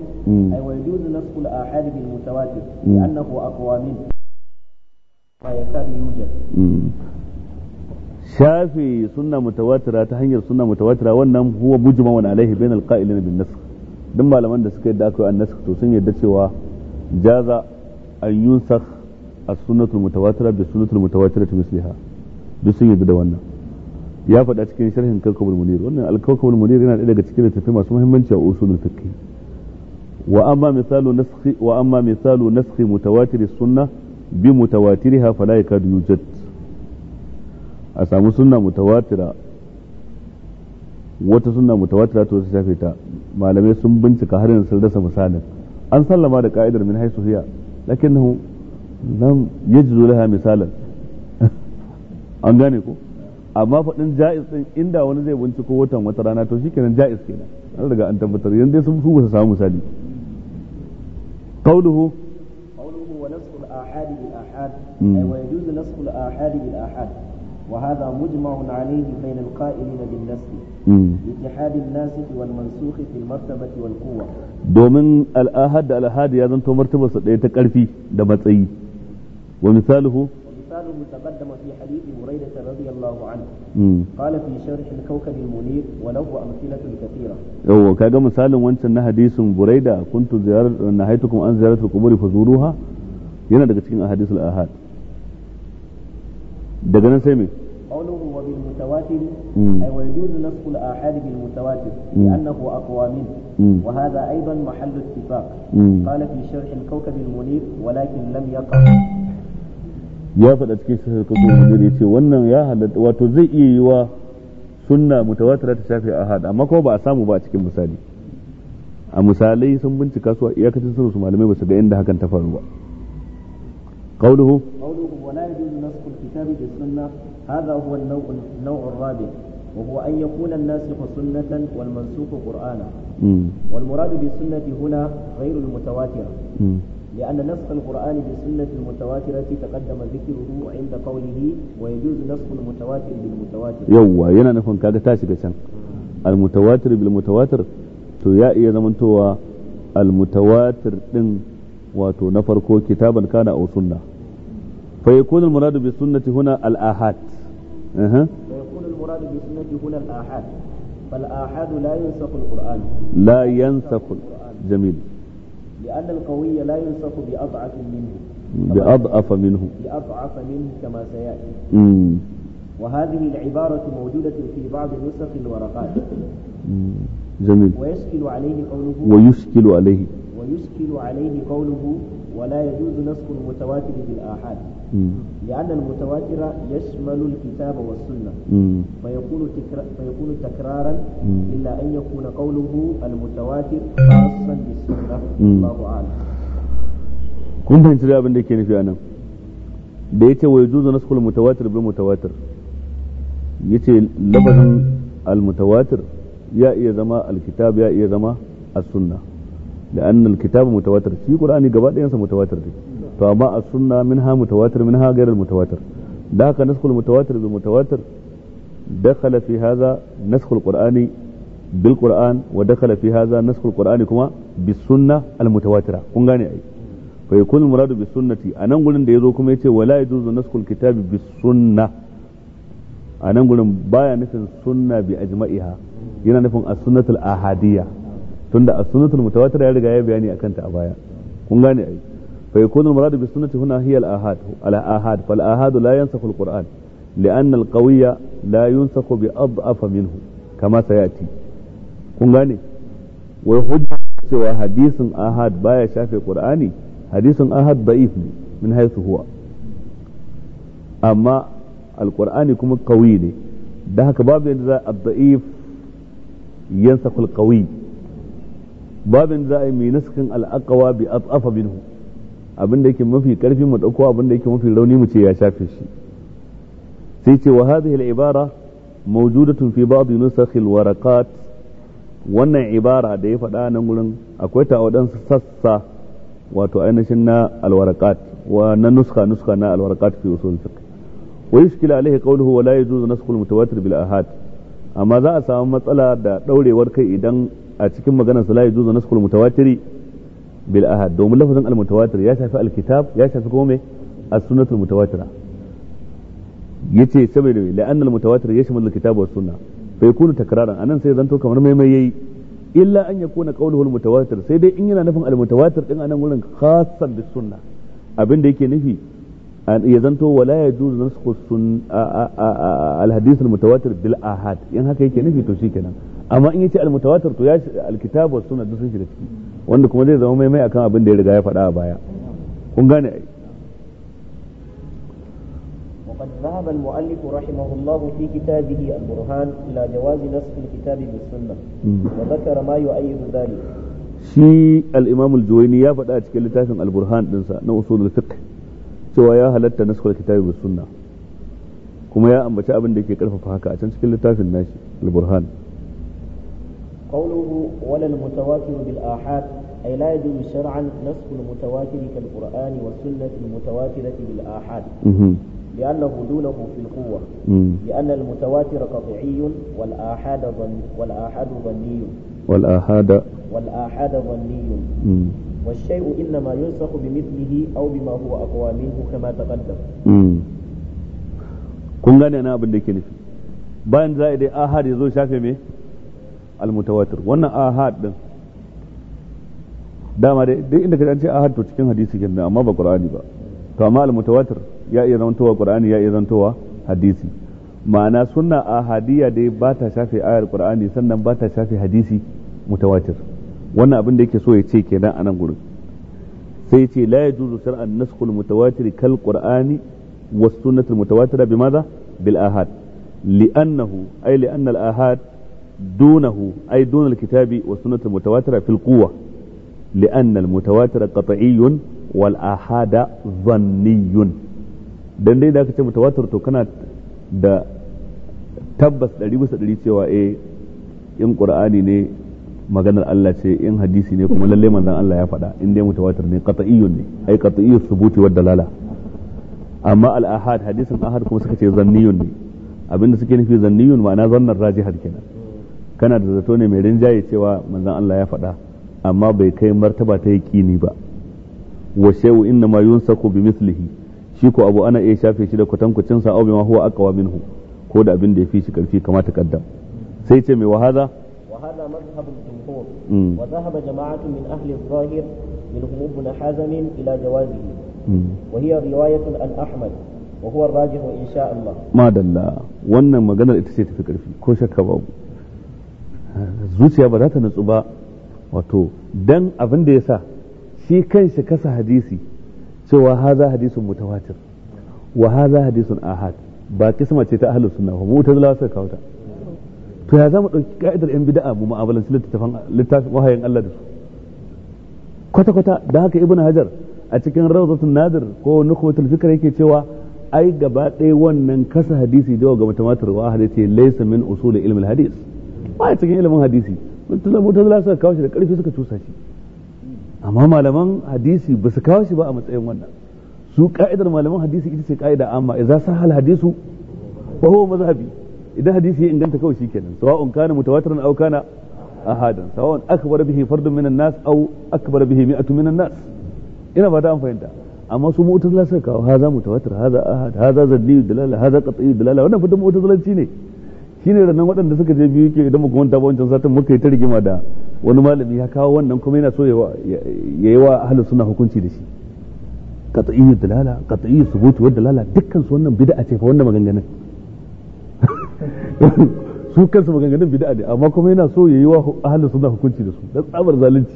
أي ويجوز نسخ الآحاد بالمتواتر لأنه أقوى منه ما يوجد shafe suna mutawatira ta hanyar suna mutawatira wannan huwa mujmawan alaihi bain alqa'ilin bin nasakh duk malaman da suka yadda aka yi annasakh to sun yadda cewa jaza an a as-sunnatu mutawatira mutawatira misliha sun yadda da wannan ya faɗa cikin sharhin kawkabul munir wannan alkawkabul munir yana ɗaya daga cikin littattafai masu muhimmanci a usulun fiqh wa amma misalu naskhi wa amma misalu naskhi mutawatir sunna bi mutawatiriha fala yakadu yujad a samu sunna mutawatira wata sunna mutawatira to ta shafe ta malamai sun bincika har yanzu sun rasa misalin an sallama da ka'idar min haisu hiya lakinnahu lam yajzu laha misalan (laughs) an gane ko amma faɗin ja'iz ɗin inda wani zai binciko watan wata rana to shi kenan ja'iz kenan an riga an tabbatar yanzu dai sun su ba su samu misali qawluhu qawluhu wa nasxu al-ahad bil ahad hmm. wa yajuz nasxu al-ahad bil ahad wa hadha mujma'un alayhi bayna al-qa'ilina bin nasl hmm. ittihad an-nasikh wal mansukh fi martabati wal quwwa domin al-ahad da al-ahad ya zanto martabarsa ɗaya ta ƙarfi da matsayi wa misaluhu تقدم في حديث بريدة رضي الله عنه قال في شرح الكوكب المنير وله أمثلة كثيرة أو كاجا مثال وانت أن حديث بريدة كنت زيارة نهيتكم عن زيارة القبور فزوروها yana daga cikin ahadisul ahad daga nan sai me قوله وبالمتواتر أي ويجوز نسخ الآحاد بالمتواتر لأنه أقوى منه وهذا أيضا محل اتفاق قال في شرح الكوكب المنير ولكن لم يقع ya faɗa cikin sahih kutubul ya ce wannan ya halatta wato zai iya yiwa sunna mutawatira ta shafi ahad amma kuma ba a samu ba a cikin misali a misalai sun bincika su iyakacin sun su malamai ba su ga inda hakan ta faru ba قوله قوله ولا يجوز نسخ الكتاب بالسنة هذا an النوع النوع الرابع وهو أن يكون الناسخ سنة والمنسوخ قرآنا والمراد بالسنة هنا غير المتواترة لأن نسخ القرآن بالسنة المتواترة تقدم ذكره عند قوله ويجوز نسخ المتواتر بالمتواتر يو ينا نكون كادة تاسي المتواتر بالمتواتر تو يا إذا إيا المتواتر إن واتو نفركو كتابا كان أو سنة فيكون المراد بالسنة هنا الآحاد أه. فيكون المراد بالسنة هنا الآحاد فالآحاد لا ينسخ القرآن لا ينسخ القرآن. جميل لأن القوي لا يوصف بأضعف منه بأضعف منه بأضعف منه كما سيأتي وهذه العبارة موجودة في بعض نسخ الورقات جميل ويشكل عليه قوله ويشكل عليه ويشكل عليه قوله ولا يجوز نسخ المتواتر بالآحاد لأن المتواتر يشمل الكتاب والسنة فيكون, تكرا فيكون تكرارا إلا أن يكون قوله المتواتر خاصا بالسنة الله أعلم كنت أنت رأى بندي كيني في أنا بيتي ويجوز نسخ المتواتر بالمتواتر يتي لبن المتواتر يا إيا زما الكتاب يا إيا زما السنه da annal kitabu mutawatir shi qur'ani gaba ɗayansa mutawatir ne to amma a min ha mutawatir min ha gairar mutawatir da haka naskul mutawatir bil mutawatir dakhala fi hadha naskul qur'ani bil qur'an wa dakhala fi hadha qur'ani kuma bis al mutawatira kun gane ai fa yakun muradu bis sunnati anan gurin da yazo kuma yace wala yuzu naskul kitabi bis sunna anan gurin baya nufin sunna bi ajma'iha yana nufin as sunnatul ahadiyya tunda a sunnatul mutawatir ya riga ya bayani akan ta a baya kun gane ai fa yakunu al-muradu bi sunnati huna hiya al-ahad al-ahad fal ahad la yansakhu al-qur'an qawiyya la yunsakhu bi adhafa minhu kama sayati kun gane wai hujja cewa hadisin ahad baya shafe qur'ani hadisin ahad da'if ne min haythu huwa amma qur'ani kuma qawi ne da haka babu yadda za a da'if al qawiyya babin za a yi mai naskin al'aqawa bi atsafa minhu abin da yake mafi karfi mu dauko abin da yake mafi rauni mu ce ya shafe shi sai ce wa hadhihi al-ibara mawjudatun fi ba'd nusakh al-waraqat wannan ibara da ya faɗa nan gurin akwai ta waɗansu sassa wato ainihin na alwarakat wa na nuska nuska na alwarakat fi usul fiqh wa yushkilu alaihi qawluhu wa la yajuzu naskhul mutawatir bil ahad amma za a samu matsala da daurewar kai idan a cikin maganar sa la yajuzu naskul mutawatiri bil ahad domin lafazin al mutawatir ya shafi al kitab ya shafi kuma me as sunnatul mutawatira yace saboda la anna al mutawatir yashmul al kitab was sunnah fa yakunu takraran anan sai zanto kamar mai mai yayi illa an yakuna qawluhu al mutawatir sai dai in yana nufin al mutawatir din anan gurin khassan bis sunnah abin da yake nufi ya zanto wala ya juzu nasku sun al mutawatir bil ahad in haka yake nufi to shikenan amma in yace mutawatir to ya alkitab was sunna duk sun shiga ciki wanda kuma zai zama mai mai akan abin da ya riga ya faɗa a baya kun gane ai وقد ذهب المؤلف رحمه الله في كتابه البرهان إلى جواز نسخ الكتاب بالسنة وذكر ما يؤيد ذلك shi al-imam al-juwayni ya faɗa a cikin littafin al-burhan dinsa na usul fiqh cewa ya halatta naskul kitabi bis sunna kuma ya ambaci abin da yake karfafa haka a can cikin littafin nashi al-burhan قوله ولا المتواتر بالآحاد أي لا يجوز شرعا نسخ المتواتر كالقرآن والسنة المتواترة بالآحاد لأنه دونه في القوة لأن المتواتر قطعي والآحاد ظن والآحاد ظني والآحاد والآحاد ظني والشيء إنما ينسخ بمثله أو بما هو أقوى منه كما تقدم kun gane na abin da ke nufi bayan za a dai ahad ya zo shafe me almutawatir wannan ahad din dama dai duk inda kaje an ce ahad to cikin hadisi ke nan amma ba qur'ani ba to amma almutawatir ya iya zantowa qur'ani ya iya zantowa hadisi ma'ana sunna ahadiyya dai ba ta shafe ayar qur'ani sannan ba ta shafe hadisi mutawatir wannan abin da yake so ya ce kenan a nan gurin sai ce la yajuzu shar'an naskhul mutawatir kal qur'ani was sunnatul mutawatira bimaza bil ahad li'annahu ay li'anna al ahad دونه أي دون الكتاب والسنة المتواترة في القوة لأن المتواتر قطعي والآحاد ظني dan dai da aka ce mutawatir to kana da tabbas ɗari bisa ɗari cewa eh in qur'ani ne maganar Allah ce in hadisi ne kuma lalle manzon Allah ya fada in dai mutawatir ne qat'iyyun ne ai qat'iyyu thubuti wa dalala amma al ahad hadisin ahad kuma suka ce zanniyun ne abinda suke nufi zanniyun ma'ana zannar rajihar kenan kana da zato ne mai rinjaye cewa manzon Allah ya faɗa amma bai kai martaba ta yaqini ba wa shay'u inna ma yunsaku bi mislihi shi ko abu ana iya shafe shi da kwatankwacin sa aw bima huwa aqwa minhu ko da abin da yafi shi karfi kamar ta kaddam sai ce mai wahada hadha wa hadha madhhabul jumhur mm. wa dhahaba jama'atun min ahli adh-dhahir minhum ibn hazm ila jawazihi وهي رواية عن أحمد وهو الراجح إن شاء الله ما دل wannan maganar ita ce tafi karfi ko shakka zuciya ba za ta nutsu ba wato dan abin da ya sa shi kanshi kasa hadisi cewa haza hadisun mutawatir wa haza hadisun ahad ba kisma ce ta ahlus sunna ba mu'tazilawa suka kawo ta to ya zamu dauki ka'idar yan bid'a mu mu'amalanci littafin littafin wahayin Allah da su kwata kwata da haka ibnu hajar a cikin rawdatun nadir ko nukhwatul fikr yake cewa ai gaba ɗaya wannan kasa hadisi da ga mutawatir wa ahad yace laysa min usul ilmi hadis ba cikin ilimin hadisi mutum mutazila suka kawo shi da karfi suka cusa shi amma malaman hadisi ba su kawo shi ba a matsayin wannan su ka'idar malaman hadisi ita ce ka'ida amma idza sahal hadisu fa huwa mazhabi idan hadisi ya inganta kawai shikenan sawa'un kana mutawatirin aw kana ahadan sawa'un akbar bihi fardun minan nas aw akbar bihi mi'atu minan nas ina ba ta amfani da amma su mu'tazila suka kawo haza mutawatir haza ahad haza zanni dalala haza qat'i dalala wannan fitan mu'tazilanci ne Shi ne ranan waɗanda suka je biyu ke idan muka manta ba wancan satin muka yi ta rigima da wani malami ya kawo wannan kuma yana so ya yi wa ahalin suna hukunci da shi iya dalala iya subutu wa dalala dukkan su wannan bid'a ce fa wannan maganganun (laughs) su kansu maganganun bid'a ne amma kuma yana so ya yi wa ahalin suna hukunci da su don tsabar zalunci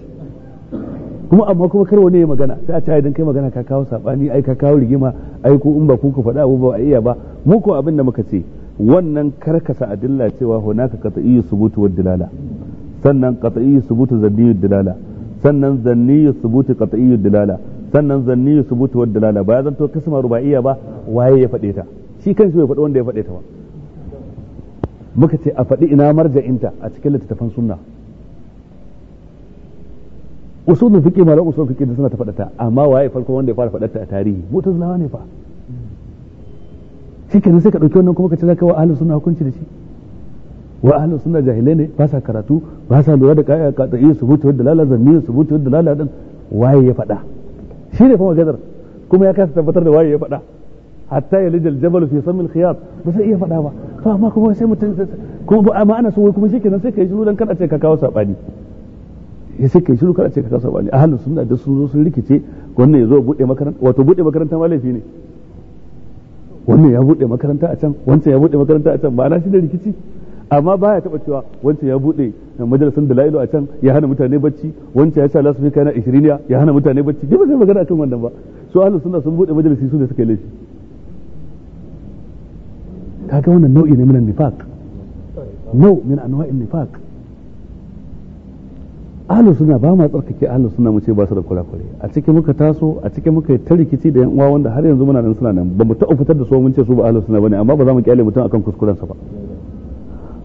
kuma amma kuma kar wani ya magana sai a ce idan kai magana ka kawo sabani ai ka kawo rigima ai ko in ba ku ku faɗa abu ba a iya ba mu ko abin da muka ce wannan karkasa adilla cewa hunaka qat'iyyu subut wa dilala sannan qat'iyyu subut zanni dilala sannan zanni subut qat'iyyu dilala sannan zanni subut wa dilala ba zan to kasma ruba'iyya ba waye ya fade ta shi kanshi bai faɗi wanda ya fade ta ba muka ce a fadi ina marja'inta a cikin littattafan sunna usulul fiqh malaman usulul fiqh suna ta faɗa ta amma waye farko wanda ya fara faɗa ta a tarihi mutazilawa ne fa shikenan sai ka dauki wannan kuma ka ce zaka wa ahlus sunna hukunci da shi wa ahlus sunna jahilai ne ba sa karatu ba sa lura da kaya ka tsayi buta wadda lala zanni buta wadda lala din waye ya faɗa shi ne fa maganar kuma ya kasa tabbatar da waye ya faɗa hatta ya lijal jabal fi samil khiyat ba sai iya faɗa ba to amma kuma sai mutum kuma amma ana so kuma shikenan sai kai shiru dan kada ce ka kawo sabani ya eh, sai kai shiru kada ce ka kawo sabani ahlus sunna da su zo sun rikice wannan ya zo bude makaranta wato bude makaranta malafi ne wannan ya bude makaranta a can wancan ya bude makaranta a can ma'ana shi ne rikici amma baya taba cewa wancan ya bude majalisun dalilu a can ya hana mutane bacci wancan ya sa lasu kana 20 ya hana mutane bacci duk ba sai magana kan wannan ba su ahlus suna sun bude majalisi su ne suka laifi kaga wannan nau'i ne min nifaq nau min anwa'in nifaq ahlu suna ba ma tsarkake ahlu suna mu ce ba su da kurakure a ciki muka taso a ciki muka yi ta rikici da yan uwa wanda har yanzu muna nan suna nan ba mu taɓa fitar da su mun ce su ba ahlu suna bane amma ba za mu kyale mutum akan kuskuren sa ba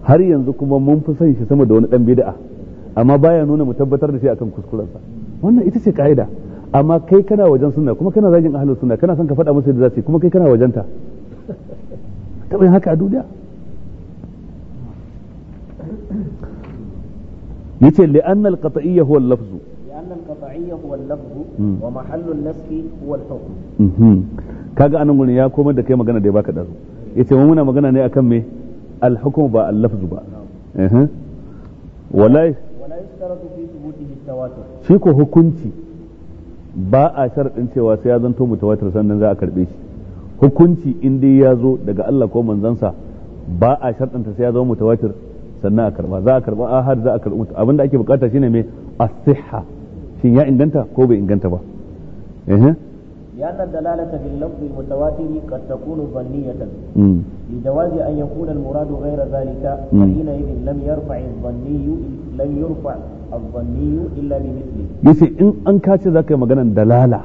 har yanzu kuma mun fi son shi sama da wani dan bid'a amma baya nuna mu tabbatar da shi akan kuskuren sa wannan ita ce ka'ida amma kai kana wajen sunna kuma kana zagin ahlus sunna kana son ka faɗa musu da zasu kuma kai kana wajen ta taɓa yin haka a duniya yace li annal qat'iyya huwa al-lafz li annal qat'iyya huwa al hmm. wa mahallu an-nasb huwa al-hukm mhm. kaga anan gurin ya komar da kai magana da ya baka dazu yace mu muna magana ne akan me al ba al-lafz ba hukunci ba ya za karbe shi hukunci in dai ya zo daga Allah ko manzansa ba a shartanta sai ya zama mutawatir sannan a karba za a karba har za a karba mutu abinda ake bukata shine mai asiha. sihha shin ya inganta ko bai inganta ba eh لأن الدلالة باللفظ المتواتر قد muradu ظنية zalika. أن يكون المراد غير ذلك فحينئذ لم يرفع الظني لم يرفع الظني إلا بمثله in an kace ذاك مغانا dalala.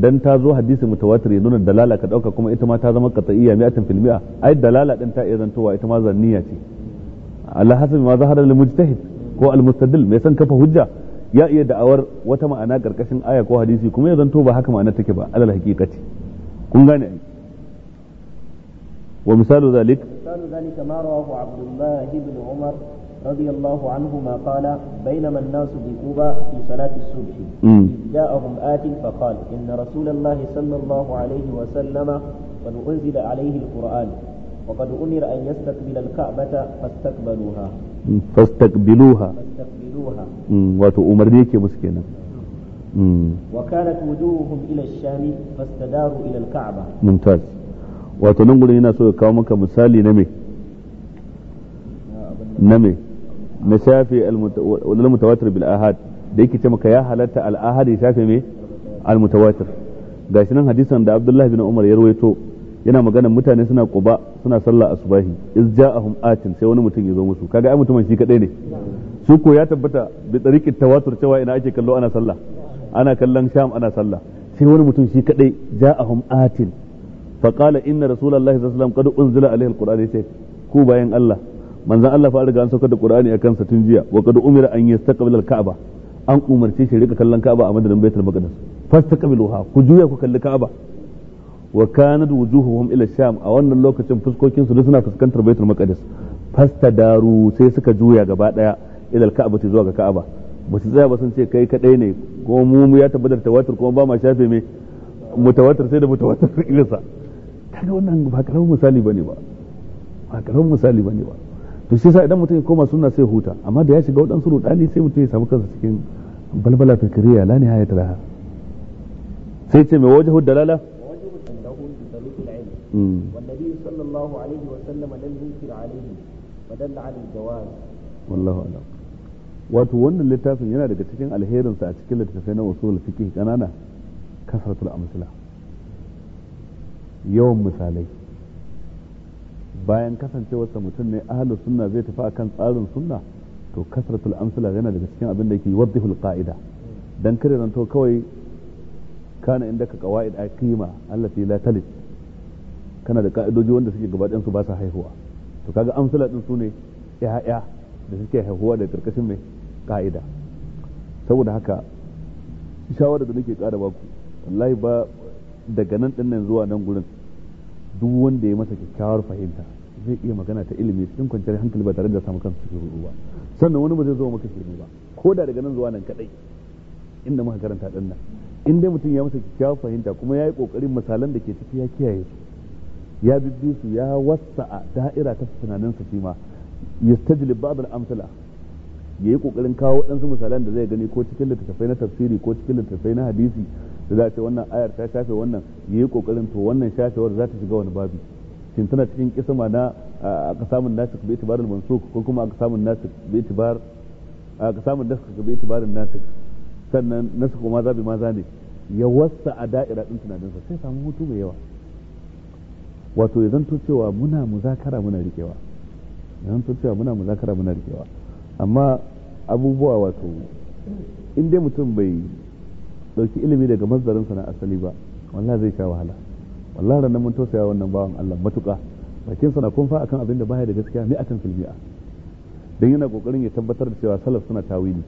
dan ta zo hadisi mutawatir ya nuna dalala ka dauka kuma ita ma ta zama qat'iyya 100% ai dalala din ta iya zantowa ita ma zanniya ce Allah hasabi ma zahara lil mujtahid ko al mustadil mai san kafa hujja ya iya da'awar wata ma'ana karkashin aya ko hadisi kuma ya zanto ba haka ma'anar take ba alal haqiqati kun gane ai wa misalu zalik misalu zalika ma rawahu abdullah ibn umar رضي الله عنهما قال بينما الناس بكوبا في صلاة الصبح جاءهم آت فقال إن رسول الله صلى الله عليه وسلم قد أنزل عليه القرآن وقد أمر أن يستقبل الكعبة فاستقبلوها فاستقبلوها فاستقبلوها واتو ديك مسكينة وكانت وجوههم إلى الشام فاستداروا إلى الكعبة ممتاز wato nan gudun yana so ya kawo maka misali na me na me na shafe al-mutawatir bil ahad da yake ce maka ya halarta al ahad ya nan hadisan da Abdullahi bin Umar ya yana magana mutane suna quba suna sallah asubahi iz ja'ahum atin sai wani mutum ya zo musu kaga ai mutumin shi kadai ne su ko ya tabbata bi tsarikin tawatur cewa ina ake kallo ana sallah ana kallon sham ana sallah sai wani mutum shi kadai ja'ahum atin fa qala inna rasulullahi sallallahu alaihi wasallam qad unzila alaihi alquran sai ku bayan Allah manzan Allah fa riga an saukar da qur'ani akan sa tun jiya wa qad umira an yastaqbila Ka'aba an umarce shi rika kallon ka'aba a madadin baitul maqdis fastaqbiluha ku juya ku kalli ka'aba wa kanat wujuhuhum ila sham a wannan lokacin fuskokin su suna fuskantar baitul maqdis fastadaru sai suka juya gaba daya ila alka'bati zuwa ga ka'aba ba su tsaya ba sun ce kai kadai ne ko mu ya tabbatar tawatur kuma ba ma shafe me mutawatir sai da mutawatir (laughs) irinsa kaga wannan ba karamin misali bane ba ba karamin misali bane ba to shi yasa idan mutum ya koma sunna sai huta amma da ya shiga wadansu rudani sai mutum ya samu kansa cikin balbala fikriya la nihayata laha sai ce me wajhu dalala والنبي صلى الله عليه وسلم لم ينكر عليه فدل على الجواز والله أعلم wato wannan littafin yana daga cikin alherinsa a cikin littattafai na usul fiqh kanana kasratul amsala yawan misalai bayan kasancewarsa mutum ne ahlus sunna zai tafi akan tsarin sunna to kasratul amsala yana daga cikin abin da yake yuwaddihul qa'ida dan kare to kawai kana indaka qawaid aqima allati la talit kana da ka'idoji wanda suke gaba ɗansu su ba sa haihuwa to kaga amsala ɗin su ne ya'ya da suke haihuwa da karkashin mai ka'ida saboda haka shawara da nake ƙara baku wallahi ba daga nan ɗin nan zuwa nan gurin duk wanda ya masa kyakkyawar fahimta zai iya magana ta ilimi cikin kwanciyar hankali ba tare da samu kansu cikin ruɗu ba sannan wani ba zai zo maka shirme ba ko da daga nan zuwa nan kadai inda muka karanta ɗin nan in dai mutum ya masa kyakkyawar fahimta kuma ya yi kokarin misalan da ke ciki ya kiyaye su ya bibbi su ya wasa a da'ira ta tunanin su shima ya ba'd al-amsala yayi kokarin kawo waɗansu misalan da zai gani ko cikin littattafai na tafsiri ko cikin littattafai na hadisi da za ce wannan ayar ta shafe wannan yayi kokarin to wannan shafewar za ta shiga wani babi shin tana cikin kisma na a samun nasu bi itibar al-mansuk ko kuma a samun nasu bi itibar a samun nasu bi itibar nasu sannan nasu kuma zabi ma za ne ya wasa a da'ira din tunaninsa sai samu hutu mai yawa wato ya zanto cewa muna muzakara muna rikewa ya zanto cewa muna muzakara muna rikewa amma abubuwa wato in dai mutum bai dauki ilimi daga mazdarinsa na asali ba wallahi zai sha wahala wallahi ranar mun tausaya wannan bawan Allah matuƙa bakin na kunfa akan abin da baya da gaskiya mi'atan fil mi'a dan yana kokarin ya tabbatar da cewa salaf suna tawili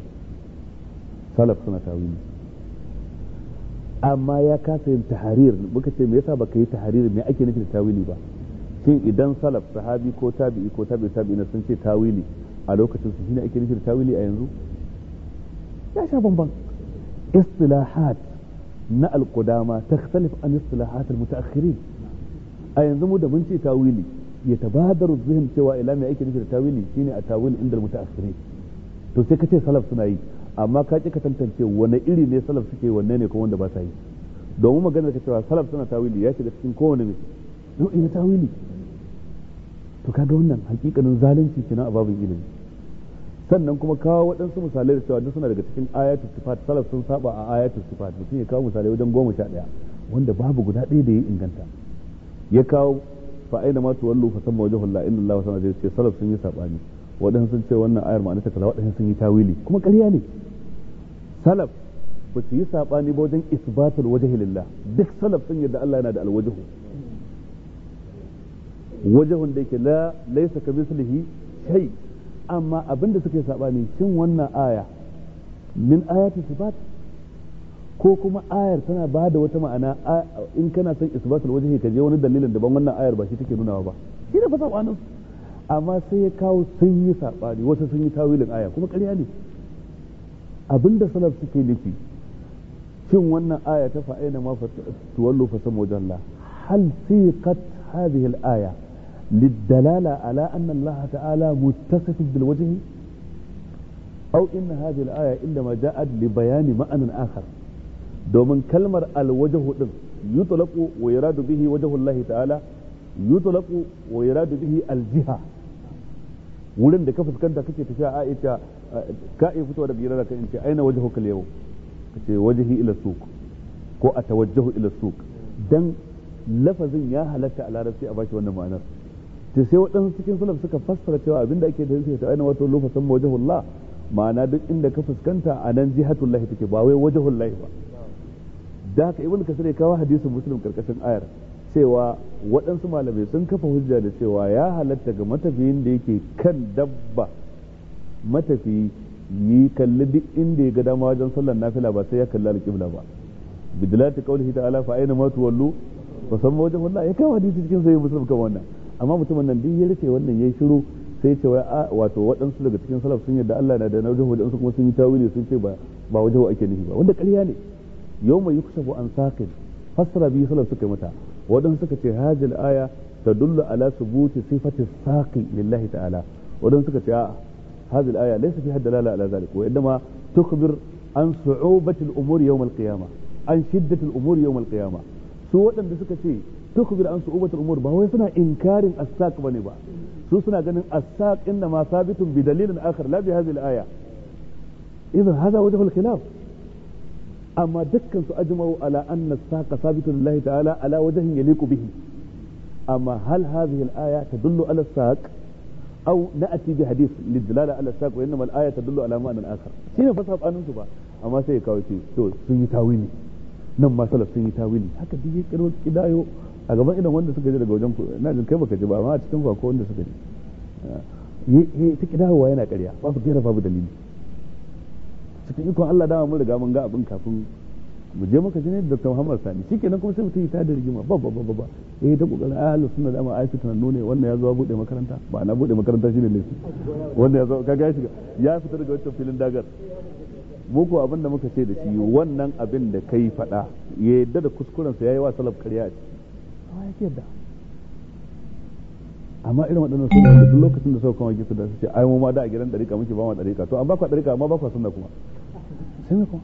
salaf suna tawili amma ya kasa yin tahrir muka ce me yasa baka yi tahrir me ake nufi da tawili ba shin idan salaf sahabi ko tabi'i ko tabi'i tabi'ina sun ce tawili a lokacin su shine ake nufi da tawili a yanzu ya sha bamban istilahat na alqudama takhtalif an istilahat almutaakhirin a yanzu mu da mun ce tawili ya tabadaru zuhin cewa ila me ake nufi da tawili shine a tawili inda almutaakhirin to sai ce salaf suna yi amma ka ki ka tantance wani iri ne salaf suke wanne ne ko wanda ba sa yi domin maganar ka cewa salaf suna tawili ya shiga cikin kowane mai nau'i na tawili to kaga wannan hakikanin zalunci kenan a babin ilimi sannan kuma kawo waɗansu misalai da cewa duk suna daga cikin ayatul sifat salaf sun saba a ayatul sifat mutum ya kawo misalai wajen goma sha ɗaya wanda babu guda ɗaya da ya inganta ya kawo fa aina ma tuwallu fa samma wajhu la illa Allah wa sallallahu alaihi sai salaf sun yi sabani waɗansu sun ce wannan ayar ma'anarta kaza waɗansu sun yi tawili kuma ƙarya ne salaf ba su yi saɓani ba wajen isbatul wajhi lillah duk salaf sun yarda Allah yana da alwajhu wajhun da yake la laysa ka mislihi shay amma abinda suke saɓani cin wannan aya min ayati sifat ko kuma ayar tana ba da wata ma'ana in kana son isbatul wajhi ka je wani dalilin daban wannan ayar ba shi take nunawa ba shi ne fa amma sai ya kawo sun yi saɓani wasu sun tawilin aya kuma karya ne abinda da salaf suke nufi cin wannan aya ta fa'ina ma fatuwallo fa samu wajen Allah hal siqat hadhihi al-aya lid-dalala ala anna Allah ta'ala muttasif bil-wajh aw inna hadhihi al-aya inda ma ja'at li bayani ma'anan akhar domin kalmar al-wajh din yutlaqu wa yuradu bihi wajhu Allah ta'ala yutlaqu wa yuradu bihi al wurin da ka fuskanta kake ta a ita ka iya fitowa daga da ka in ce aina waje ka yau ka ce wajihi ila suk ko a tawajjahu ila suk dan lafazin ya halatta a larabci a bashi wannan ma'anar ta sai waɗansu cikin sulaf suka fassara cewa abinda ake da yanzu ta aina wato lufa san wajhullah ma'ana duk inda ka fuskanta a nan jihatullahi take ba wai wajhullahi ba da haka ibn kasir ya kawo hadisin muslim karkashin ayar cewa waɗansu malamai sun kafa hujja da cewa ya halatta ga matafiyin da yake kan dabba matafiyi yi kalli duk inda ya ga dama wajen sallar nafila ba sai ya kalli alƙibla ba bidlati qawlihi ta'ala fa aina ma tuwallu fa samma wajen wallahi ya kama hadisi cikin sai musulmi kan wannan amma mutumin nan duk ya rufe wannan yayi shiru sai ce wato waɗansu daga cikin salaf sun yadda Allah na da na wajen waɗansu kuma sun yi tawili sun ce ba ba wa ake nufi ba wanda ƙarya ne yau mai yi kusa an sakin fasara biyu salaf suka yi mata waɗansu suka ce hadhihi al ta tadullu ala thubuti sifati saqi lillahi ta'ala waɗansu suka ce a hadhihi al-aya laysa fiha lala ala zalik wa inma tukhbir an su'ubati al-umur yawm al-qiyamah an shiddati al-umur yawm al-qiyamah su waɗanda suka ce tukhbir an su'ubati al-umur ba wai suna inkarin as-saq bane ba su suna ganin as-saq inna ma sabitun bi dalilin akhar la bi hadhihi al-aya idan hada wajhu al-khilaf amma dukkan su ajma'u ala anna saqa sabitun lillahi ta'ala ala wajhin yaliqu bihi amma hal hadhihi al-aya tadullu ala saq أو ala بحديث للدلالة على aya وإنما الآية تدل على معنى آخر شنو فسر قانون سبا أما kawo shi to sun yi tawili nan ma salaf sun yi tawili haka duk yake kirwa kidayo a gaban idan wanda suka je daga wajen na jin kai baka ji ba amma a cikin ko wanda suka ji yi ta kidayowa yana ƙarya babu gaira babu dalili cikin ikon Allah dama mun riga mun ga abin kafin mu je muka jini da Muhammad Sani shikenan kuma sai mutum ya tada rigima ba ba ba ba eh ta kokarin ah, ahlus sunna da amma aisha tana nune wannan ya zo bude makaranta ba na bude makaranta shine ne wannan ya zo kaga ya shiga ya fita daga wancan filin dagar muku abin da muka ce da shi wannan abin da kai fada ya yadda da kuskuren ya yi wa salaf karya a ciki amma irin waɗannan su da duk lokacin da suka kama gisu da su ce ai mu ma da a gidan dariƙa muke ba mu dariƙa to an ba ku dariƙa amma ba ku sunna kuma sai me kuma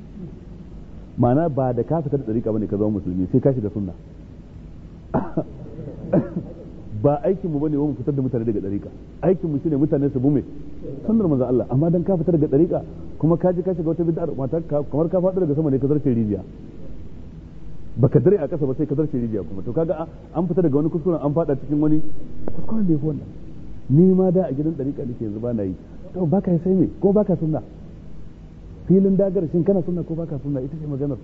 ma'ana ba da ka fita da dariƙa bane ka zama musulmi sai ka shiga sunna (coughs) ba aikin mu bane wani fitar da mutane daga dariƙa aikin mu shine mutane su bume sunnar maza Allah amma dan ka fitar daga dariƙa kuma ka ji ka shiga wata bid'a kamar ka faɗi daga sama ne ka zarce rijiya baka dare a kasa ba sai ka zarce rijiya kuma to kaga an fita daga wani kuskure an fada cikin wani kuskure ne yafi wannan ni ma da a gidan dariƙa nake yanzu ba na yi to baka sai me ko baka sunna filin dagar shin kana sunna ko baka sunna ita ce maganar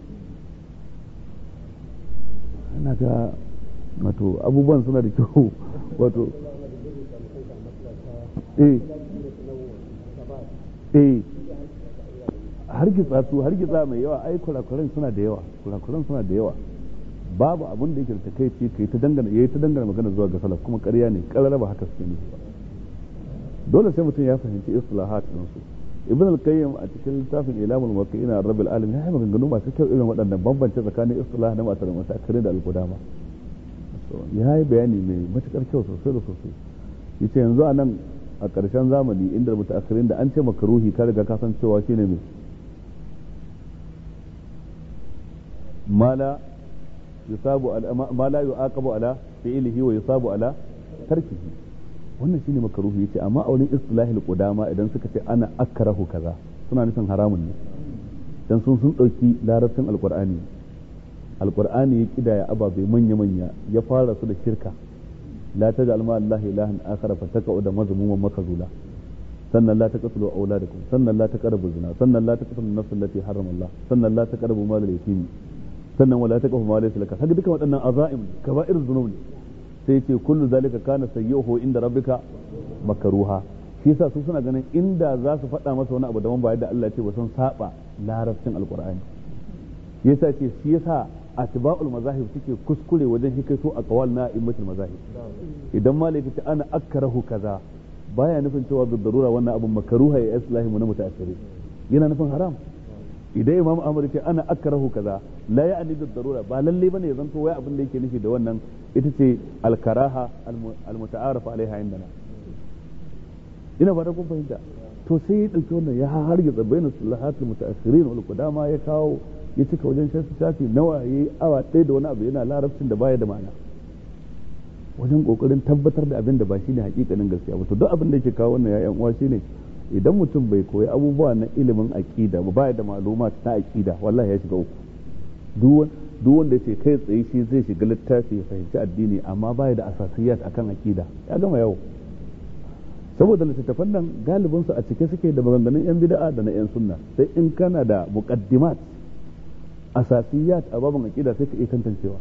ana ga wato abubuwan suna da kyau (laughs) wato eh eh hargitsa su hargitsa mai yawa ai kurakuran suna da yawa kurakuran suna da yawa babu abin da yake da takaici kai ta dangana yayi ta dangana magana zuwa ga salaf kuma ƙarya ne ƙararraba ba haka suke nufi ba dole sai mutum ya fahimci islahat din su ibn al-qayyim a cikin littafin ilamul muwaqqi'in ar-rabbil alamin ya yi maganganu masu kyau irin waɗannan bambance tsakanin islah na matar kare da al-qudama ya yi bayani mai matukar kyau sosai da sosai yace yanzu a nan a ƙarshen zamani inda mutu da an ce makaruhi ka riga ka san cewa shine mai ma la yusabu ala ma la yuaqabu ala fi'lihi wa yusabu ala tarkihi wannan shine makaruhu yace amma a wurin istilahil qudama idan suka ce ana akrahu kaza suna nufin haramun ne dan sun sun dauki larabcin alqur'ani alqur'ani ya kidaya ababe manya manya ya fara su da shirka la taj'al ma allahi ilahan akhar fa taqa'uda mazmuman makazula sannan la taqtulu auladakum sannan la taqrabu zina sannan la taqtulu an-nafs allati harrama Allah sannan la taqrabu mal al-yatim sannan wala taqfu ma laysa laka haka duka waɗannan azaim kaba'ir dhunub ne sai ce kullu zalika kana sayyi'uhu inda rabbika makruha shi yasa su suna ganin inda za su faɗa masa wani abu daban ba yadda Allah ya ce ba sun saba larabcin alqur'ani yasa ce shi yasa atba'ul mazahib suke kuskure wajen hikaito a kawal na immatul mazahib idan malaka ce ana akrahu kaza baya nufin cewa da darura wannan abun makaruha ya islahi mu na mutaassiri yana nufin haram idan imam amurka ce ana akrahu kaza la ya'ni da darura ba lalle bane zan zanto wai abin da yake nufi da wannan ita ce al karaha al muta'arif alaiha indana ina ba da kun fahimta to sai ya dauki wannan ya har ya tsabaina sulahat al mutaakhirin wal qudama ya kawo ya cika wajen shafi shafi nawaye awa ɗaya da wani abu yana larabcin da baya da ma'ana wajen kokarin tabbatar da abin da ba shine hakikanin gaskiya ba to duk abin da yake kawo wannan ya'yan uwa shine idan mutum bai koyi abubuwa na ilimin aƙida, ba bai da maluma na aƙida, wallahi ya shiga uku duk wanda ce kai tsaye shi zai shiga littafi ya fahimci addini amma bai da asasiyat akan aƙida. ya gama yau saboda littattafan nan galibin su a cike suke da maganganun yan bid'a da na yan sunna sai in kana da muqaddimat asasiyat a babin aƙida sai ka iya tantancewa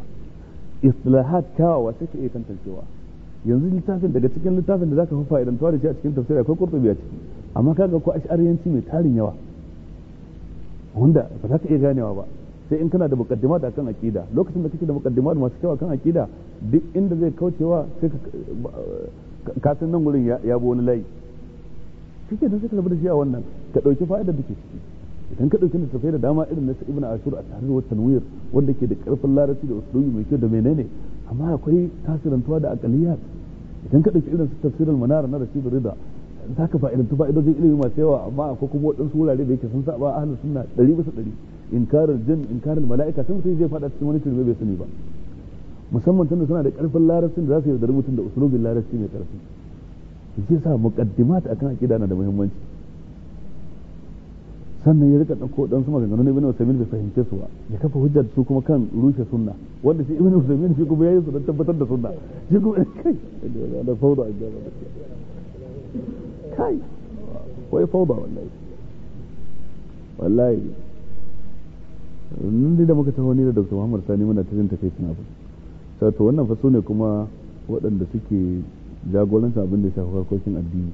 islahat kyawawa sai ka iya tantancewa yanzu littafin daga cikin littafin da zaka fi fa'idantuwa da shi a cikin tafsiri akwai qurtubi a ciki amma kaga ko ash'ariyanci mai tarin yawa wanda ba za ka iya ganewa ba sai in kana da da kan aqida lokacin da kake da da masu kyau akan aqida duk inda zai kaucewa sai ka ka san nan gurin ya bi wani layi kike da suka da shi a wannan ka dauki fa'ida da ciki idan ka dauki littafai da dama irin na Ibn Ashur a tahrir wa tanwir wanda ke da karfin larabci da usulubi mai kyau da menene amma akwai tasirantuwa da akaliyar idan ka dauki irin su tafsirul manara na Rashid Rida za ka fa'idantu fa'idojin ilimi masu yawa amma akwai kuma waɗansu wurare da yake sun saba ahlus sunna ɗari bisa ɗari inkarar jin inkarar mala'ika sun sai zai faɗa cikin wani turbe bai sani ba musamman tunda suna da ƙarfin larabcin da za su da rubutun da usulubin larabci mai ƙarfi shi sa muqaddimat akan aƙida na da muhimmanci sannan ya rika ɗauko ɗan su maganganu na ibnu usaimin bai fahimce su ba ya kafa hujja su kuma kan rushe sunna wanda shi ibnu usaimin shi kuma yi su don tabbatar da sunna shi kuma kai da fauda a gaba kai wai fauba wallahi wallahi da muka taho ni da Dr. Muhammad Sani muna ta jin tafe ba sai to wannan fa ne kuma waɗanda suke jagorancin abin da shafi harkokin addini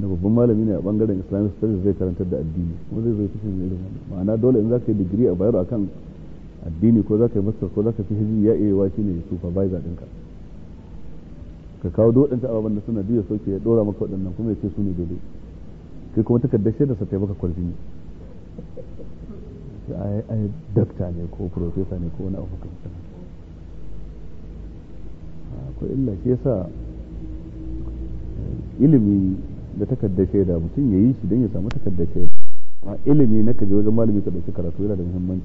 na babban malami ne a bangaren islamic studies zai karantar da addini kuma zai zai cikin irin ma'ana dole in za yi digiri a bayar akan addini ko za yi master ko zaka fi hiji ya iya wa ne supervisor ɗinka ka kawo duk ababen da suna biyu soke ya ɗora maka waɗannan kuma ya ce su ne daidai kai kuma ta kaddashe da ta maka ne ai ai dakta ne ko profesa ne ko wani abu kan sana ko illa shi yasa eh, ilimi da takardar shaida mutum ya yi shi don ya samu takardar shaida ilimi na kaje wajen malami ka ɗauki karatu yana da muhimmanci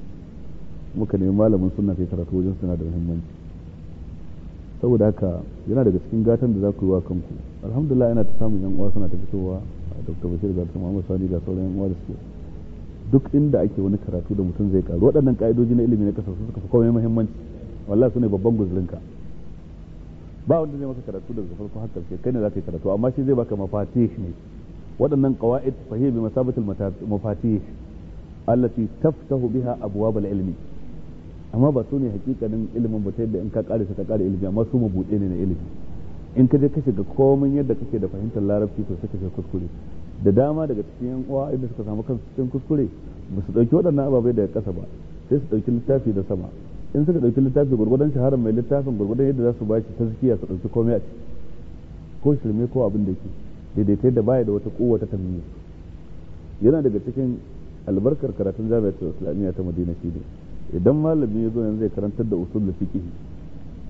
ka nemi malamin suna kai karatu wajen suna da muhimmanci saboda haka yana daga cikin gatan da za ku yi wa kanku alhamdulillah yana ta samun yan uwa suna ta fitowa dr bashir ga muhammad sani ga sauran yan uwa da suke duk inda ake wani karatu da mutum zai karu waɗannan ka'idoji na ilimi na ƙasar su suka fi komai muhimmanci wallah su ne babban guzurinka ba wanda zai maka karatu daga farko har karshe kai ne za ka yi karatu amma shi zai baka mafatih ne waɗannan qawaid fahimi masabatul mafatih allati taftahu biha abwab ilmi amma ba su ne hakikanin ilimin ba ta yadda in ka kare ka kare ilimi amma su mabuɗe ne na ilimi in ka je ka shiga komai yadda kake da fahimtar larabci to sai ka kuskure da dama daga cikin yan uwa inda suka samu kansu cikin kuskure ba su ɗauki waɗannan ababai daga ƙasa ba sai su ɗauki littafi da sama in suka ɗauki littafi gwargwadon shaharar mai littafin gwargwadon yadda za su ba shi tazkiya su ɗauki komai a ciki ko shirme ko abin da yake daidaitai da baya da wata kowa ta tamiyya yana daga cikin albarkar karatun jami'ar islamiyya ta madina shi ne idan malami ya zo yanzu zai karantar da usul fiƙihi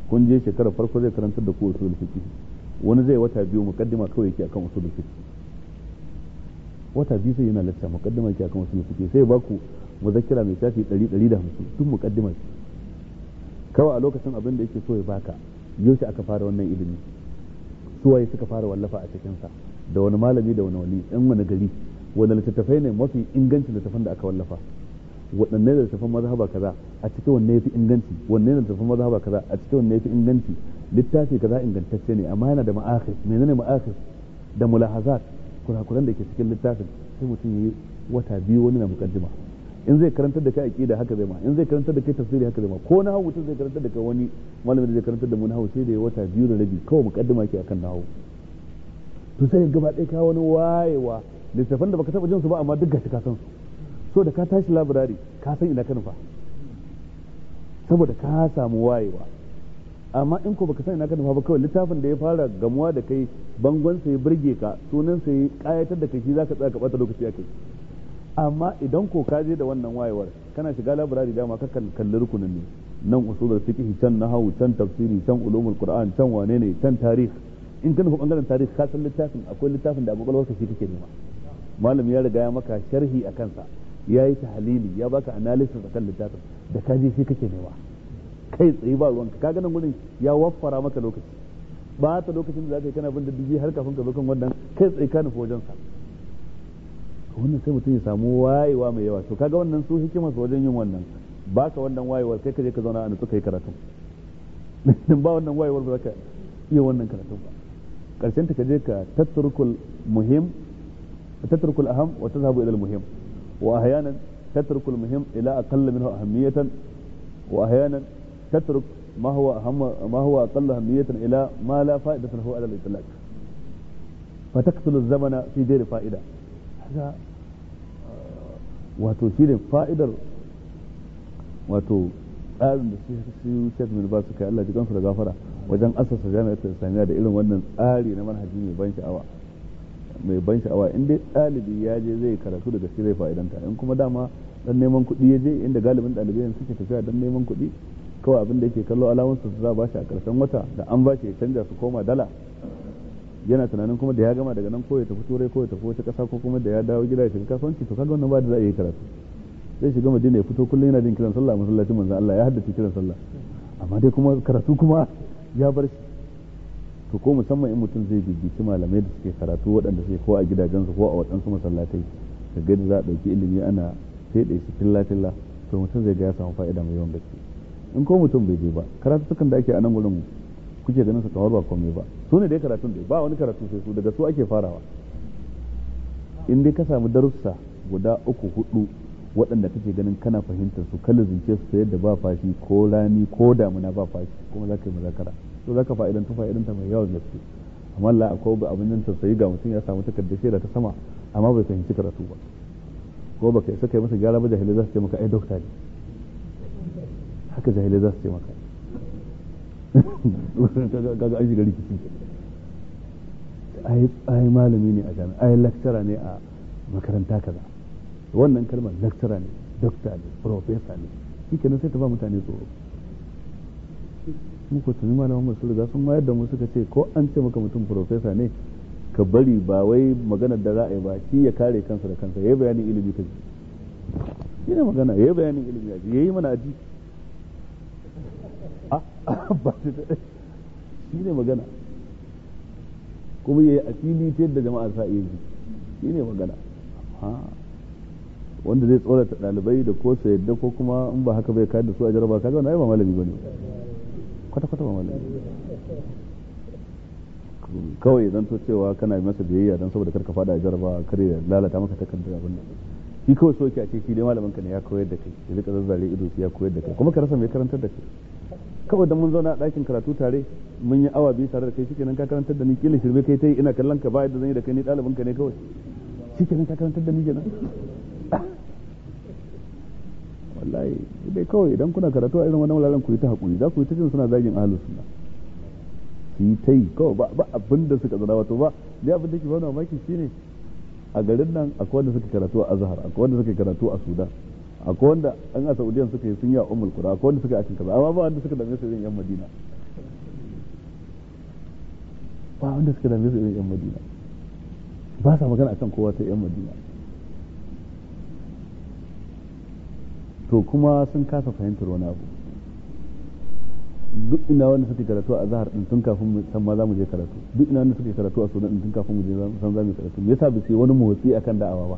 kun je shekara farko zai karantar da ku usul fiƙihi wani zai wata biyu muqaddima kawai yake akan usul fiƙihi wata biyu sai yana lacca muqaddima yake akan usul fiƙihi sai ba ku muzakkira mai shafi da hamsin tun ce kawai a lokacin abin da yake so ya baka yaushe aka fara wannan ilimi suwaye suka fara wallafa a cikin sa da wani malami da wani wali ɗan wani gari wani littattafai ne mafi ingancin littattafan da aka wallafa waɗanne da tafan mazhaba kaza a cikin wanne yafi inganci wanne ne tafan mazhaba kaza a cikin wanne yafi inganci littafi kaza ingantacce ne amma yana da ma'akhir menene ma'akhir da mulahazat kurakuran da ke cikin littafin sai mutum yi wata biyu wani na mukaddima in zai karantar da kai aqida haka zai ma in zai karantar da kai tafsiri haka zai ma ko nahawu mutum zai karantar da kai wani malamin da zai karantar da mu nahawu sai da wata biyu da rabi kawai mukaddima ke akan nahawu to sai gaba ɗaya ka wani wayewa littafan da baka taba jin su ba amma duk gashi ka san su so da ka tashi labirari ka san ina ka nufa saboda ka samu wayewa amma in ko baka san ina ka nufa ba kawai littafin da ya fara gamuwa da kai bangon sai burge ka sunan sai kayatar da kai shi zaka tsaya ka bata lokaci akai amma idan ko ka je da wannan wayewar kana shiga labirari dama ka kalli rukunin ne nan usulul fiqh can nahawu can tafsiri can ulumul qur'an can wane ne can tarih in ka nufi bangaren tarih ka san littafin akwai littafin da abu kalwarka shi kake nema malam ya riga ya maka sharhi a kansa ya yi tahlili ya baka analysis akan littafin da ka je shi kake nema kai tsaye ba ruwanka kaga nan gudun ya waffara maka lokaci ba ta lokacin da zaka yi kana bin diddigi har kafin ka zo kan wannan kai tsaye ka nufi wajen sa wannan sai mutum ya samu wayewa mai yawa to kaga wannan su hikimar wajen yin wannan baka wannan wayewar kai ka je ka zauna a nutsu yi karatu dan (laughs) ba wannan wayewar ba za ka iya wannan karatu ba karshen ta ka je ka tatrukul muhim tatrukul aham wa tazhabu ila al muhim واحيانا تترك المهم الى اقل منه اهمية واحيانا تترك ما هو اهم ما هو اقل اهمية الى ما لا فائدة له على الاطلاق فتقتل الزمن في غير فائدة هذا آه، وتشير فائدة وتو tsarin da su yi shek mai ba su kai Allah jikansu da gafara wajen asasa jami'ar ta islamiyya da irin wannan mai ban sha'awa in dai ɗalibi ya je zai karatu daga shi zai fa'idanta in kuma dama dan neman kuɗi ya je inda galibin ɗalibai suke tafiya dan neman kuɗi kawai abin da yake kallo alawansa su za ba shi a ƙarshen wata da an ba shi ya canja su koma dala yana tunanin kuma da ya gama daga nan ko ya tafi turai ko ya tafi wata ƙasa ko kuma da ya dawo gida ya shiga kasuwanci to kaga wannan ba da za a yi karatu zai shiga madina ya fito kullum yana jin kiran sallah masallacin manzon Allah ya haddace kiran sallah amma dai kuma karatu kuma ya bar shi to ko musamman in mutum zai bibici malamai da suke karatu waɗanda suke ko a gidajensu ko a waɗansu masallatai ga ga za a ɗauki ilimi ana feɗe shi filla filla to mutum zai ga ya samu fa'ida mai yawan gaske in ko mutum bai je ba karatu sukan da ake a nan gurin kuke ganin su kamar ba komai ba su ne dai karatun dai ba wani karatu sai su daga su ake farawa in dai ka samu darussa guda uku hudu waɗanda kake ganin kana fahimtar su kalli zunce su yadda ba fashi ko rani ko damuna ba fashi kuma za ka yi muzakara to zaka fa'idantu ta mai yawan gaske amma Allah akwai abin nan tausayi ga mutum ya samu takardar shaida ta sama amma bai fahimci karatu ba ko baka isa kai masa gyara ba jahilai za su ce maka ai dokta ne haka jahilai za su ce maka (laughs) kaga an shiga rikici ai malami ne a jami'a ai lecturer ne a makaranta kaza wannan kalmar lecturer ne dokta ne professor ne shi kenan sai ta ba mutane tsoro mu ko tuni malaman mu riga sun mayar da mu suka ce ko an ce maka mutum profesa ne ka bari ba wai magana da za a yi ba shi ya kare kansa da kansa yayi bayanin ilimi ka ji shi ne magana yayi bayanin ilimi a ji yayi mana aji ah, (laughs) ba shi ne magana kuma yayi a fili ta yadda jama'a sa iya shi ne magana wanda zai tsorata ɗalibai da ko su yadda ko kuma in ba haka bai kayar da su a jarabar kaga wani ai ba malami ba ne. kwata kwata ba wani kawai zan to cewa kana masa biyayya don saboda karka fada jarba kare ya lalata maka takardar abin nan shi kawai soke a cikin ne malamin ka ne ya koyar da kai ya rika zazzare ido ya koyar da kai kuma ka rasa mai karantar da kai kawai don mun zauna a ɗakin karatu tare mun yi awa biyu tare da kai shikenan ka karantar da ni kila shirme kai ta yi ina kallon ka ba yadda zan yi da kai ni ɗalibin ka ne kawai shikenan ka karantar da ni kenan wallahi dai kawai idan kuna karatu a irin wannan wuraren ku yi ta hakuri za ku yi ta jin suna zagin ahlus sunna su yi ta yi kawai ba ba abin da suka zana wato ba dai abin da ke na mamaki shine a garin nan akwai wanda suka karatu a Azhar akwai wanda suka karatu a Sudan akwai wanda an a Saudiyan suka yi sun yi a Ummul Qura akwai wanda suka yi a cikin kaza amma ba wanda suka dame su irin yan Madina ba wanda suka dame su irin yan Madina ba sa magana akan kowa ta yan Madina to kuma sun kasa fahimtar wani abu duk ina wanda suke karatu a zahar din tun kafin mu san ma za mu je karatu duk ina wanda suke karatu a sunan din tun kafin mu je san za mu karatu me yasa ba sai wani motsi akan da'awa ba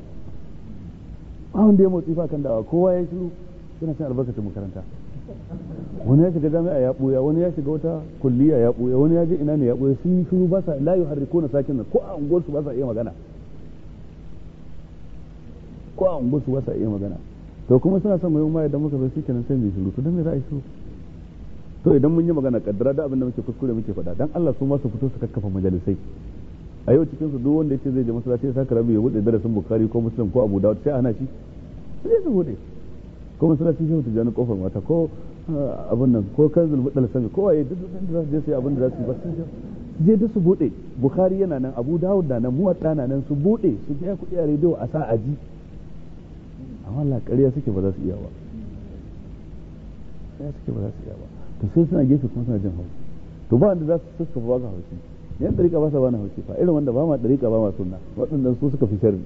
ba wanda ya motsi ba kan da'awa kowa ya shiru yana cin albarkacin makaranta wani ya shiga jami'a ya buya wani ya shiga wata kulliya ya buya wani ya je ina ne ya buya sun yi shiru ba sa la yuharrikuna sakin ko a unguwarsu ba sa iya magana ko a unguwarsu ba sa iya magana to kuma suna son mai umma idan muka zo shikenan sai mai shiru to dan me a to idan mun yi magana kaddara da abin da muke kuskure muke faɗa dan Allah su ma su fito su kakkafa majalisai a yau cikin su duk wanda ce zai je masallaci ya saka rabu ya bude darasin bukhari ko muslim ko abu dawud sai ana shi sai su bude ko masallaci sai tijani kofar mata ko eh, abin nan ko kanzul budal sami ko waye duk da za su je sai abin da za su yi je duk su bude bukhari yana nan abu dawud da nan muwatta na nan su bude su je ku a rediyo a sa aji ji amma Allah suke ba za su iya ba ƙarya suke ba za su iya ba to sai suna gefe kuma suna jin haushi to ba wanda za su suka ba ka haushi yan dariƙa ba sa ba na haushi fa irin wanda ba ma dariƙa ba ma sunna waɗannan su suka fi shari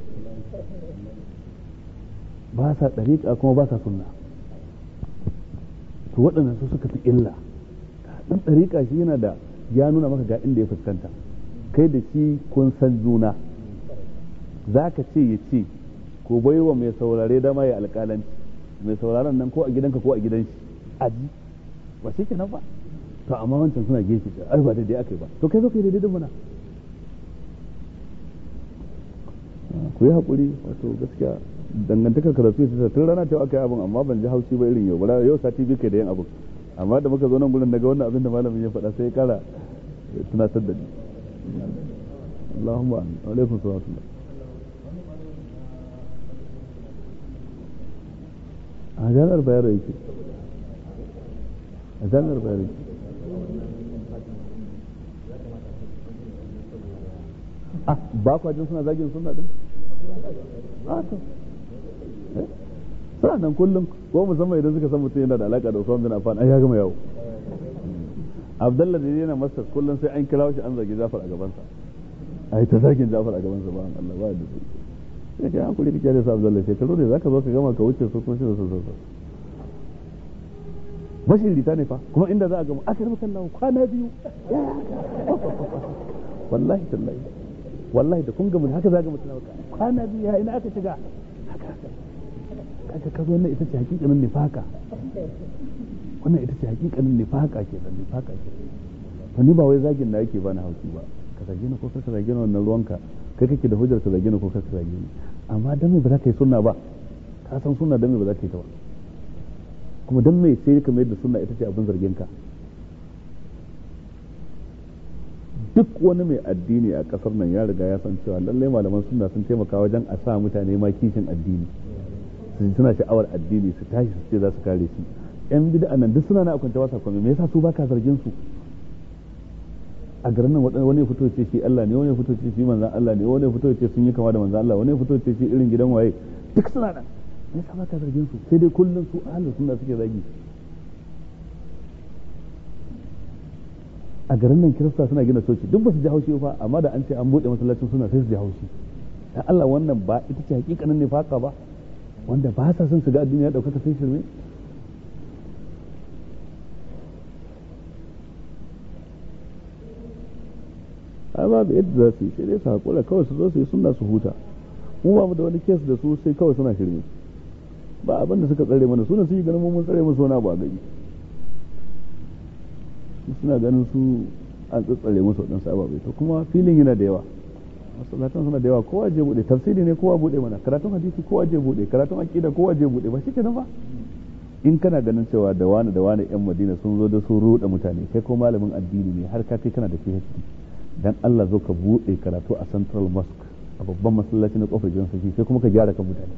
ba sa dariƙa kuma ba sa sunna to waɗannan su suka fi illa dan dariƙa shi yana da ya nuna maka ga inda ya fuskanta kai da shi kun san juna za ka ce ya ce ko baiwa mai saurare dama ya alƙalanci mai sauraron nan ko a gidanka ko a gidan shi aji ba shi kenan ba to amma wancan suna gefe ai ba daidai akai ba to kai zo kai daidai mana ku yi haƙuri wato gaskiya dangantakar karatu ta tun rana ta aka yi abin amma ban ji haushi ba irin yau bara yau sati biyu kai da yin abin amma da muka zo nan gurin daga wannan abin da malamin ya faɗa sai ya ƙara tunatar da ni Allahumma alaikum salatu a bayar da yake a bayar da yake a ba kwa jin suna zagin suna din a to suna nan kullum ko musamman idan suka san mutum yana da alaƙa da usman bin affan ai ya gama yawo Abdullahi da yana masa kullum sai an kira shi an zagi jafar a gabansa ai ta zagin jafar a gabansa ba Allah ba da sai ka hankuli ka kyale su abdullahi shekaru ne zaka zo ka gama ka wuce su kuma shi da su zo bashin rita ne fa kuma inda za a gama a aka rubuta Allah kwana biyu wallahi tallahi wallahi da kun gamu haka za a ga mutum kwana biyu ya ina aka shiga haka haka kaga wannan ita ce hakikanin nifaka wannan ita ce hakikanin nifaka ke da nifaka ke to ni ba wai zagin da yake bani hauki ba ka zage ni ko ka zage ni wannan ruwanka kai kake da hujjar ka zage ni ko ka zage ni amma dan me ba za ka yi sunna ba ka san sunna dan me ba za ka yi ta ba kuma dan me sai ka mayar da sunna ita ce abin zargin ka duk wani mai addini a kasar nan ya riga ya san cewa lallai malaman sunna sun taimaka wajen a sa mutane ma kishin addini su suna sha'awar addini su tashi su ce za su kare shi yan bid'a nan duk suna na akwanta wasa kuma me yasa su baka zargin su a garin nan wani fito ce shi Allah ne wani fito ce shi manzan Allah ne wani fito ce sun yi kama da manzan Allah wani fito ce shi irin gidan waye duk suna nan ne sama ka zargin su sai dai kullum su ahlus sunna suke zagi a garin nan kirista suna gina coci duk ba su ji haushi fa amma da an ce an bude masallacin suna sai su ji haushi dan Allah wannan ba ita ce hakikanin nifaka ba wanda ba sa son su ga addini ya dauka ta sai shirme a da yadda za su yi shirya su haƙura kawai su zo su yi suna su huta mu ba mu da wani kes da su sai kawai suna shirme ba abin da suka tsare mana suna su yi ganin mun tsare musu wani abu a gari suna ganin su an tsatsare musu waɗansu ababe to kuma filin yana da yawa masallatan suna da yawa kowa je bude tafsiri ne kowa bude mana karatun hadisi kowa je bude karatun aqida kowa je buɗe ba shikenan ba in kana ganin cewa da wani da wani yan madina sun zo da sun ruɗa mutane kai ko malamin addini ne har ka kai kana da PhD dan Allah zo ka buɗe karatu a Central Mosque a babban masallaci na kofar gidan sarki sai kuma ka gyara kan mutane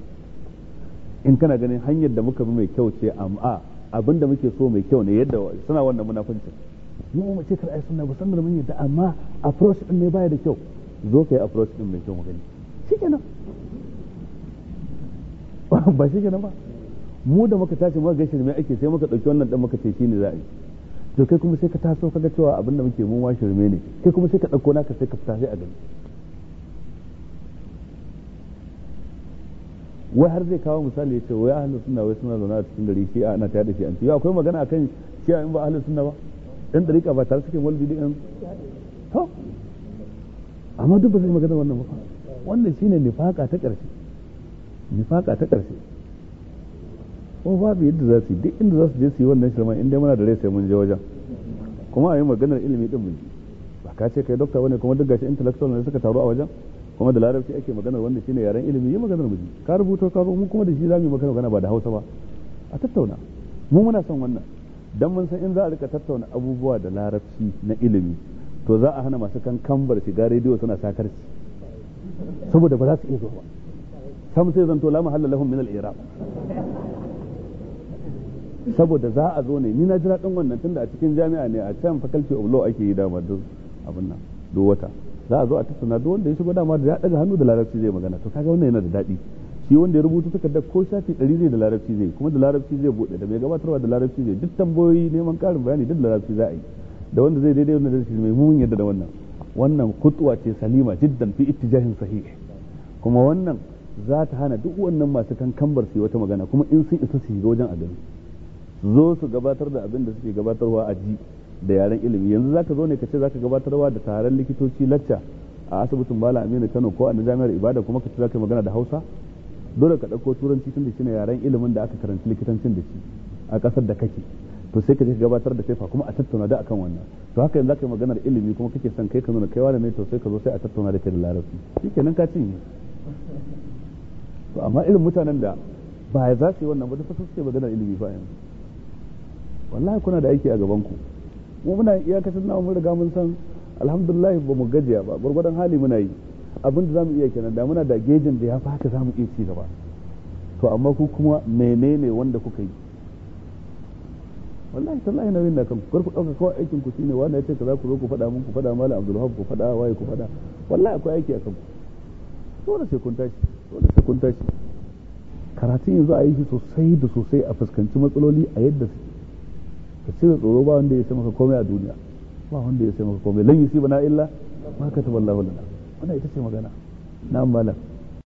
in kana ganin hanyar da muka bi mai kyau ce amma abin da muke so mai kyau ne yadda suna wannan munafuncin mu mu ce kar ai sunna ba sanar mun yadda amma approach din ne baya da kyau zo ka yi approach din mai kyau mu gani shikenan (laughs) ba shikenan ba mu da muka tashi muka gaishe me ake sai muka dauki wannan dan muka ce shine za a yi to kai kuma sai ka taso kaga cewa abin da muke mun washe rume ne kai kuma sai ka ɗauko naka sai ka fita sai a gani wai har zai kawo misali ya ce wai ahli sunna wai suna zaune a cikin dare shi ana ta da shi an ya akwai magana akan shi in ba ahli sunna ba dan dariƙa ba tare suke walbi din to amma duk ba zai magana wannan ba wannan shine nifaka ta ƙarshe nifaka ta ƙarshe kuma babu yadda za su yi duk inda za su je su yi wannan shirman inda muna da rai sai mun je wajen kuma a yi maganar ilimi din mu ba ka ce kai dokta bane kuma duk gashi intellectual ne suka taru a wajen kuma da larabci ake maganar wanda shine yaren ilimi yi maganar mu ka rubuto ka zo mu kuma da shi zamu yi magana ba da Hausa ba a tattauna mu muna son wannan dan mun san in za a rika tattauna abubuwa da larabci na ilimi to za a hana masu kankambar shiga rediyo suna sakarci saboda ba za su iya zuwa sam sai zanto la mahalla lahum min al iraq saboda za a zo ne ni na jira ɗin wannan tunda a cikin jami'a ne a can faculty of law ake yi dama duk abin nan duk wata za a zo a tattauna duk wanda ya shigo dama da ya daga hannu da larabci zai magana to kaga wannan yana da daɗi shi wanda ya rubuta takardar ko shafi ɗari zai da larabci zai kuma da larabci zai bude da mai gabatarwa da larabci zai duk tambayoyi neman ƙarin bayani duk da larabci za a yi da wanda zai daidai wanda zai mai mun yadda da wannan wannan kutuwa ce salima jiddan fi ittijahin sahih kuma wannan za ta hana duk wannan masu kankambar su yi wata magana kuma in sun isa su shiga wajen a gani zo su gabatar da abin da suke gabatarwa a ji da yaren ilimi yanzu zaka zo ne ka ce zaka gabatarwa da taron likitoci lacca a asibitin Malam Aminu Kano ko a jami'ar Ibada kuma ka ce zaka yi magana da Hausa dole ka ɗauko turanci tun da shine yaren ilimin da aka karanci likitancin da shi a ƙasar da kake to sai ka je gabatar da taifa kuma a tattauna da akan wannan to haka yanzu ka yi maganar ilimi kuma kake son kai ka nuna kai wani ne to sai ka zo sai a tattauna da kai da larabci shikenan ka cinye to amma irin mutanen da ba za su yi wannan ba da fa suke maganar ilimi ba yanzu wallahi kuna da aiki a gaban ku mu muna iyakacin namu mun riga mun san alhamdulillah ba mu gajiya ba gwargwadon hali muna yi abin da zamu iya kenan da muna da gejin da ya fa haka zamu iya ci gaba to amma ku kuma menene wanda kuka yi wallahi tallahi nauyin na kanku kan ku dauka kawai aikin ku shine wanda yace kaza ku zo ku faɗa mun ku faɗa mallam abdul ku faɗa waye ku faɗa wallahi akwai aiki a kanku dole sai kun tashi dole sai kun tashi karatun yanzu a yi shi sosai da sosai a fuskanci matsaloli a yadda suke ka cire tsoro ba wanda ya sai maka komai a duniya ba wanda ya sai maka komai lan yusi bana illa ma ka taballahu lana wannan ita ce magana na malam